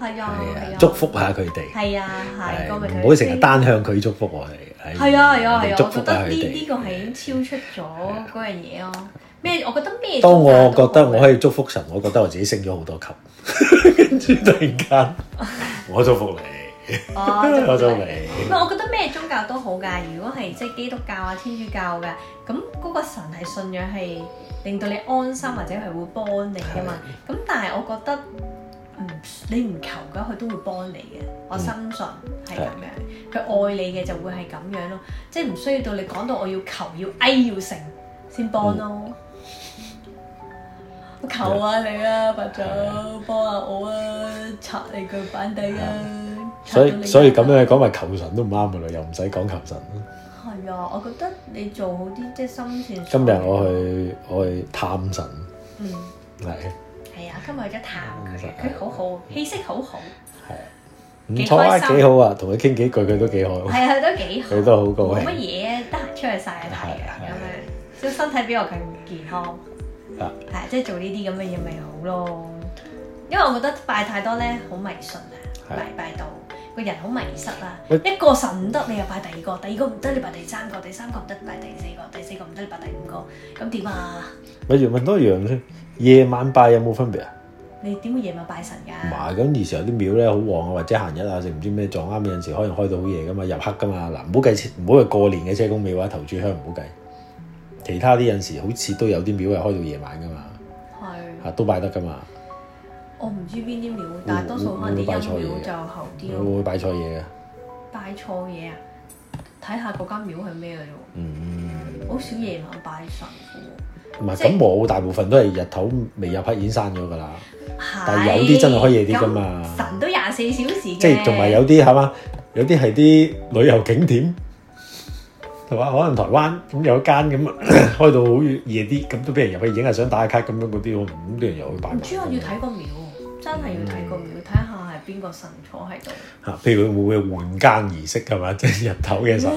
係啊，祝福下佢哋係啊，係唔好成日單向佢祝福我哋。係啊，係啊，係啊，我覺得呢呢個係已經超出咗嗰樣嘢咯。咩？我覺得咩？當我覺得我可以祝福神，我覺得我自己升咗好多級，跟住突然間我祝福你。哦，唔係，我，我覺得咩宗教都好噶。如果係即係基督教啊、天主教嘅，咁嗰個神係信仰係令到你安心，或者係會幫你噶嘛。咁的但係我覺得，你唔求嘅佢都會幫你嘅。我深信係咁樣，佢、嗯、愛你嘅就會係咁樣咯。即係唔需要到你講到我要求、要哎，要成先幫咯。嗯求下你啊，白總，幫下我啊，拆你腳板底啊，所以所以咁樣講埋求神都唔啱噶啦，又唔使講求神。係啊，我覺得你做好啲，即係心態上。今日我去我去探神。嗯。係。係啊，今日去咗探佢，佢好好，氣息好好。係。幾開心。唔錯啊，幾好啊！同佢傾幾句，佢都幾好。係啊，佢都幾好。佢都好高。冇乜嘢，得閒出去曬下。睇。啊。咁樣即身體比我更健康。係、啊，即係做呢啲咁嘅嘢，咪好咯。因為我覺得拜太多咧，好迷信啊，的拜拜到個人好迷失啊。但一個神唔得，你又拜第二個，第二個唔得，你拜第三個，第三個唔得，拜第四個，第四個唔得，你拜第五個，咁點啊？咪問多樣，夜晚拜有冇分別啊？你點會夜晚拜神噶？唔係，咁而時候啲廟咧好旺啊，或者閒日啊，定唔知咩撞啱，有陣時可能開到好夜噶嘛，入黑噶嘛。嗱，唔好計，唔好話過年嘅車公廟話頭炷香，唔好計。其他啲有時好似都有啲廟係開到夜晚㗎嘛，係的，嚇、啊、都拜得㗎嘛。我唔知邊啲廟，會但係多數啲陰廟就後啲咯。會拜錯嘢嘅。拜錯嘢啊？睇下嗰間廟係咩嚟喎？嗯。好少夜晚拜神嘅喎。唔係，咁冇、就是、大部分都係日頭未入黑已經閂咗㗎啦。的但係有啲真係開夜啲㗎嘛。神都廿四小時，即係仲係有啲係嘛？有啲係啲旅遊景點。係嘛？可能台灣咁有一間咁開到好夜啲，咁都俾人入去影下相、打卡咁樣嗰啲喎。咁啲人又入去扮。唔知我要睇個廟，真係要睇個廟，睇下係邊個神坐喺度。嚇，譬如會唔會換更儀式係嘛？即係日頭嘅神，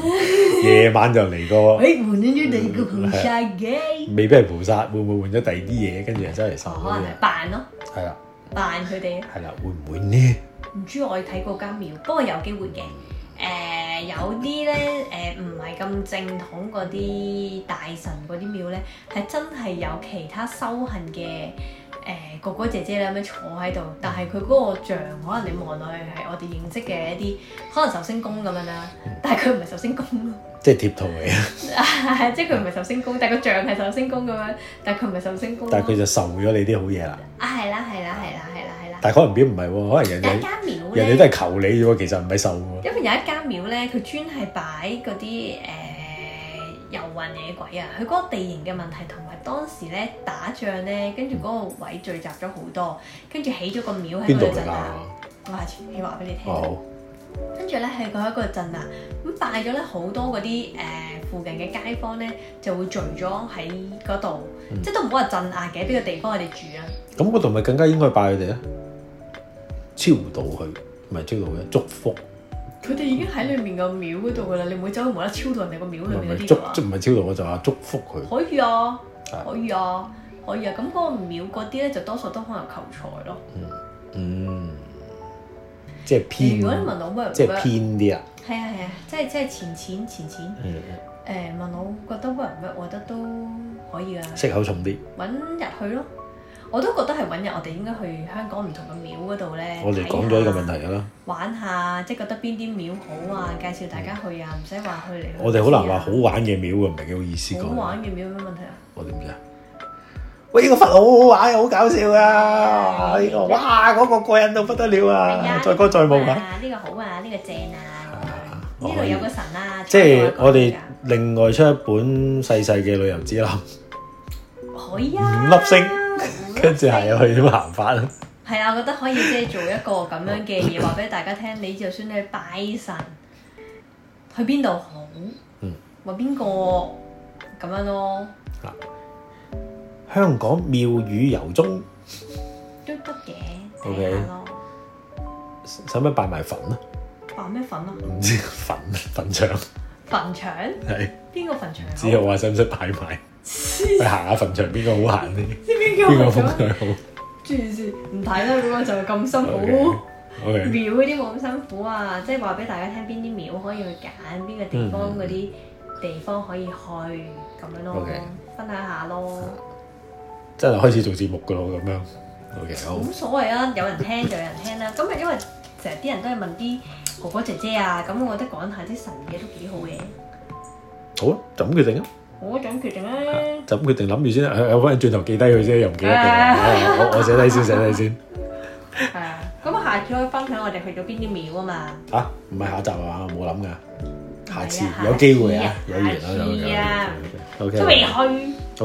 夜晚就嚟個。誒，換咗啲地供菩薩嘅。未必係菩薩，會唔會換咗第二啲嘢，跟住又真係神？哦，可能扮咯。係啦。扮佢哋。係啦，會唔會呢？唔知我要睇嗰間廟，不過有機會嘅。誒、呃、有啲咧，誒唔係咁正統嗰啲大神嗰啲廟咧，係真係有其他修行嘅誒哥哥姐姐咁樣坐喺度，但係佢嗰個像可能你望落去係我哋認識嘅一啲，可能壽星公咁樣啦，但係佢唔係壽星公咯、嗯，即係貼圖嚟 啊，即係佢唔係壽星公，但係個像係壽星公咁樣，但係佢唔係壽星公，但係佢就受咗你啲好嘢啦，啊係啦係啦係啦係啦。但可能表唔係喎，可能人哋人哋都係求你啫喎，其實唔係受。因為有一間廟咧，佢專係擺嗰啲誒遊魂野鬼啊！佢嗰個地形嘅問題同埋當時咧打仗咧，跟住嗰個位聚集咗好多，跟住起咗個廟喺度鎮啊。我係傳起話俾你聽。好、哦。跟住咧係佢喺嗰個鎮啊，咁拜咗咧好多嗰啲誒附近嘅街坊咧，就會聚咗喺嗰度，嗯、即係都唔好話鎮壓嘅，俾個地方我哋住啦。咁嗰度咪更加應該拜佢哋咧？超到去，唔係超到嘅祝福。佢哋已經喺裏面個廟嗰度噶啦，你唔會走去無啦超到人哋個廟裏面啲啊。唔係祝，唔係超到，我就話祝福佢。可以啊，可以啊，可以啊。咁嗰個廟嗰啲咧，就多數都可能求財咯，嗯。嗯，即係偏。如果你問我乜？即係偏啲啊？係啊係啊，即係即係錢錢錢錢。誒問我覺得 work 唔 work，我覺得都可以啊。色口重啲，揾入去咯。我都覺得係揾日，我哋應該去香港唔同嘅廟嗰度咧，玩一下，即係覺得邊啲廟好啊，嗯、介紹大家去啊，唔使話去嚟。我哋好難話好玩嘅廟喎，唔係幾好意思講、啊。好玩嘅廟有咩問題啊？我哋唔知啊。喂，呢、這個佛好好玩好搞笑啊！呢、嗯這個，哇，嗰、那個過癮到不得了、嗯嗯、再再啊！再歌再夢啊，呢、這個好啊，呢、這個正啊，呢度、啊、有個神啊。即係我哋另外出一本細細嘅旅遊指南。可以啊，五粒星。跟住係去點行法咧？係啊，我覺得可以即係做一個咁樣嘅嘢，話俾 大家聽。你就算你拜神，去邊度好？嗯，問邊個咁樣咯？啊，香港廟宇由衷，都得嘅，O K。使唔使拜埋墳啊？拜咩墳啊？唔知墳，墳場？墳場？係，邊個墳場？之後話使唔使拜埋？去行下墳場，邊個好行啲？邊個墳場好？注意先，唔睇啦，嗰個就咁辛苦。O K，廟嗰啲冇咁辛苦啊，即係話俾大家聽邊啲廟可以去揀，邊個地方嗰啲地方可以去咁樣咯，分享下咯。真係開始做節目噶咯，咁樣。O K，好。冇所謂啊，有人聽就有人聽啦。咁啊，因為成日啲人都係問啲哥哥姐姐啊，咁我覺得講下啲神嘢，都幾好嘅。好啊，就咁決定啊。我咁決定啦，就咁決定，諗住先，有翻啲轉頭記低佢先，又唔記得。我我寫低先，寫低先。係啊，咁下次可以分享我哋去咗邊啲廟啊嘛。吓？唔係下集啊，冇諗㗎。下次有機會啊，有緣啊就。下次啊，都未去。好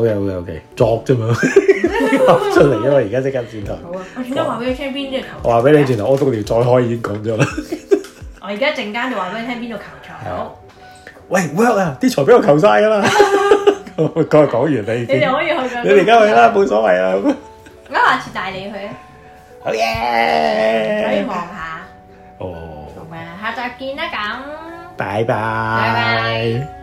嘅，好嘅，OK，作啫嘛。出嚟，因為而家即刻轉頭。好啊，我陣間話俾你聽邊啲球。我話俾你轉頭，我到時再開已經講咗啦。我而家陣間就話俾你聽邊度球場喂 work 啊，啲財俾我求曬㗎啦，講講完啦已經。你哋可以去㗎，你哋而家去啦，冇所謂啊。我下次帶你去啊。好耶，可以望下。哦。好嘛，下集見啦咁。拜拜。拜拜。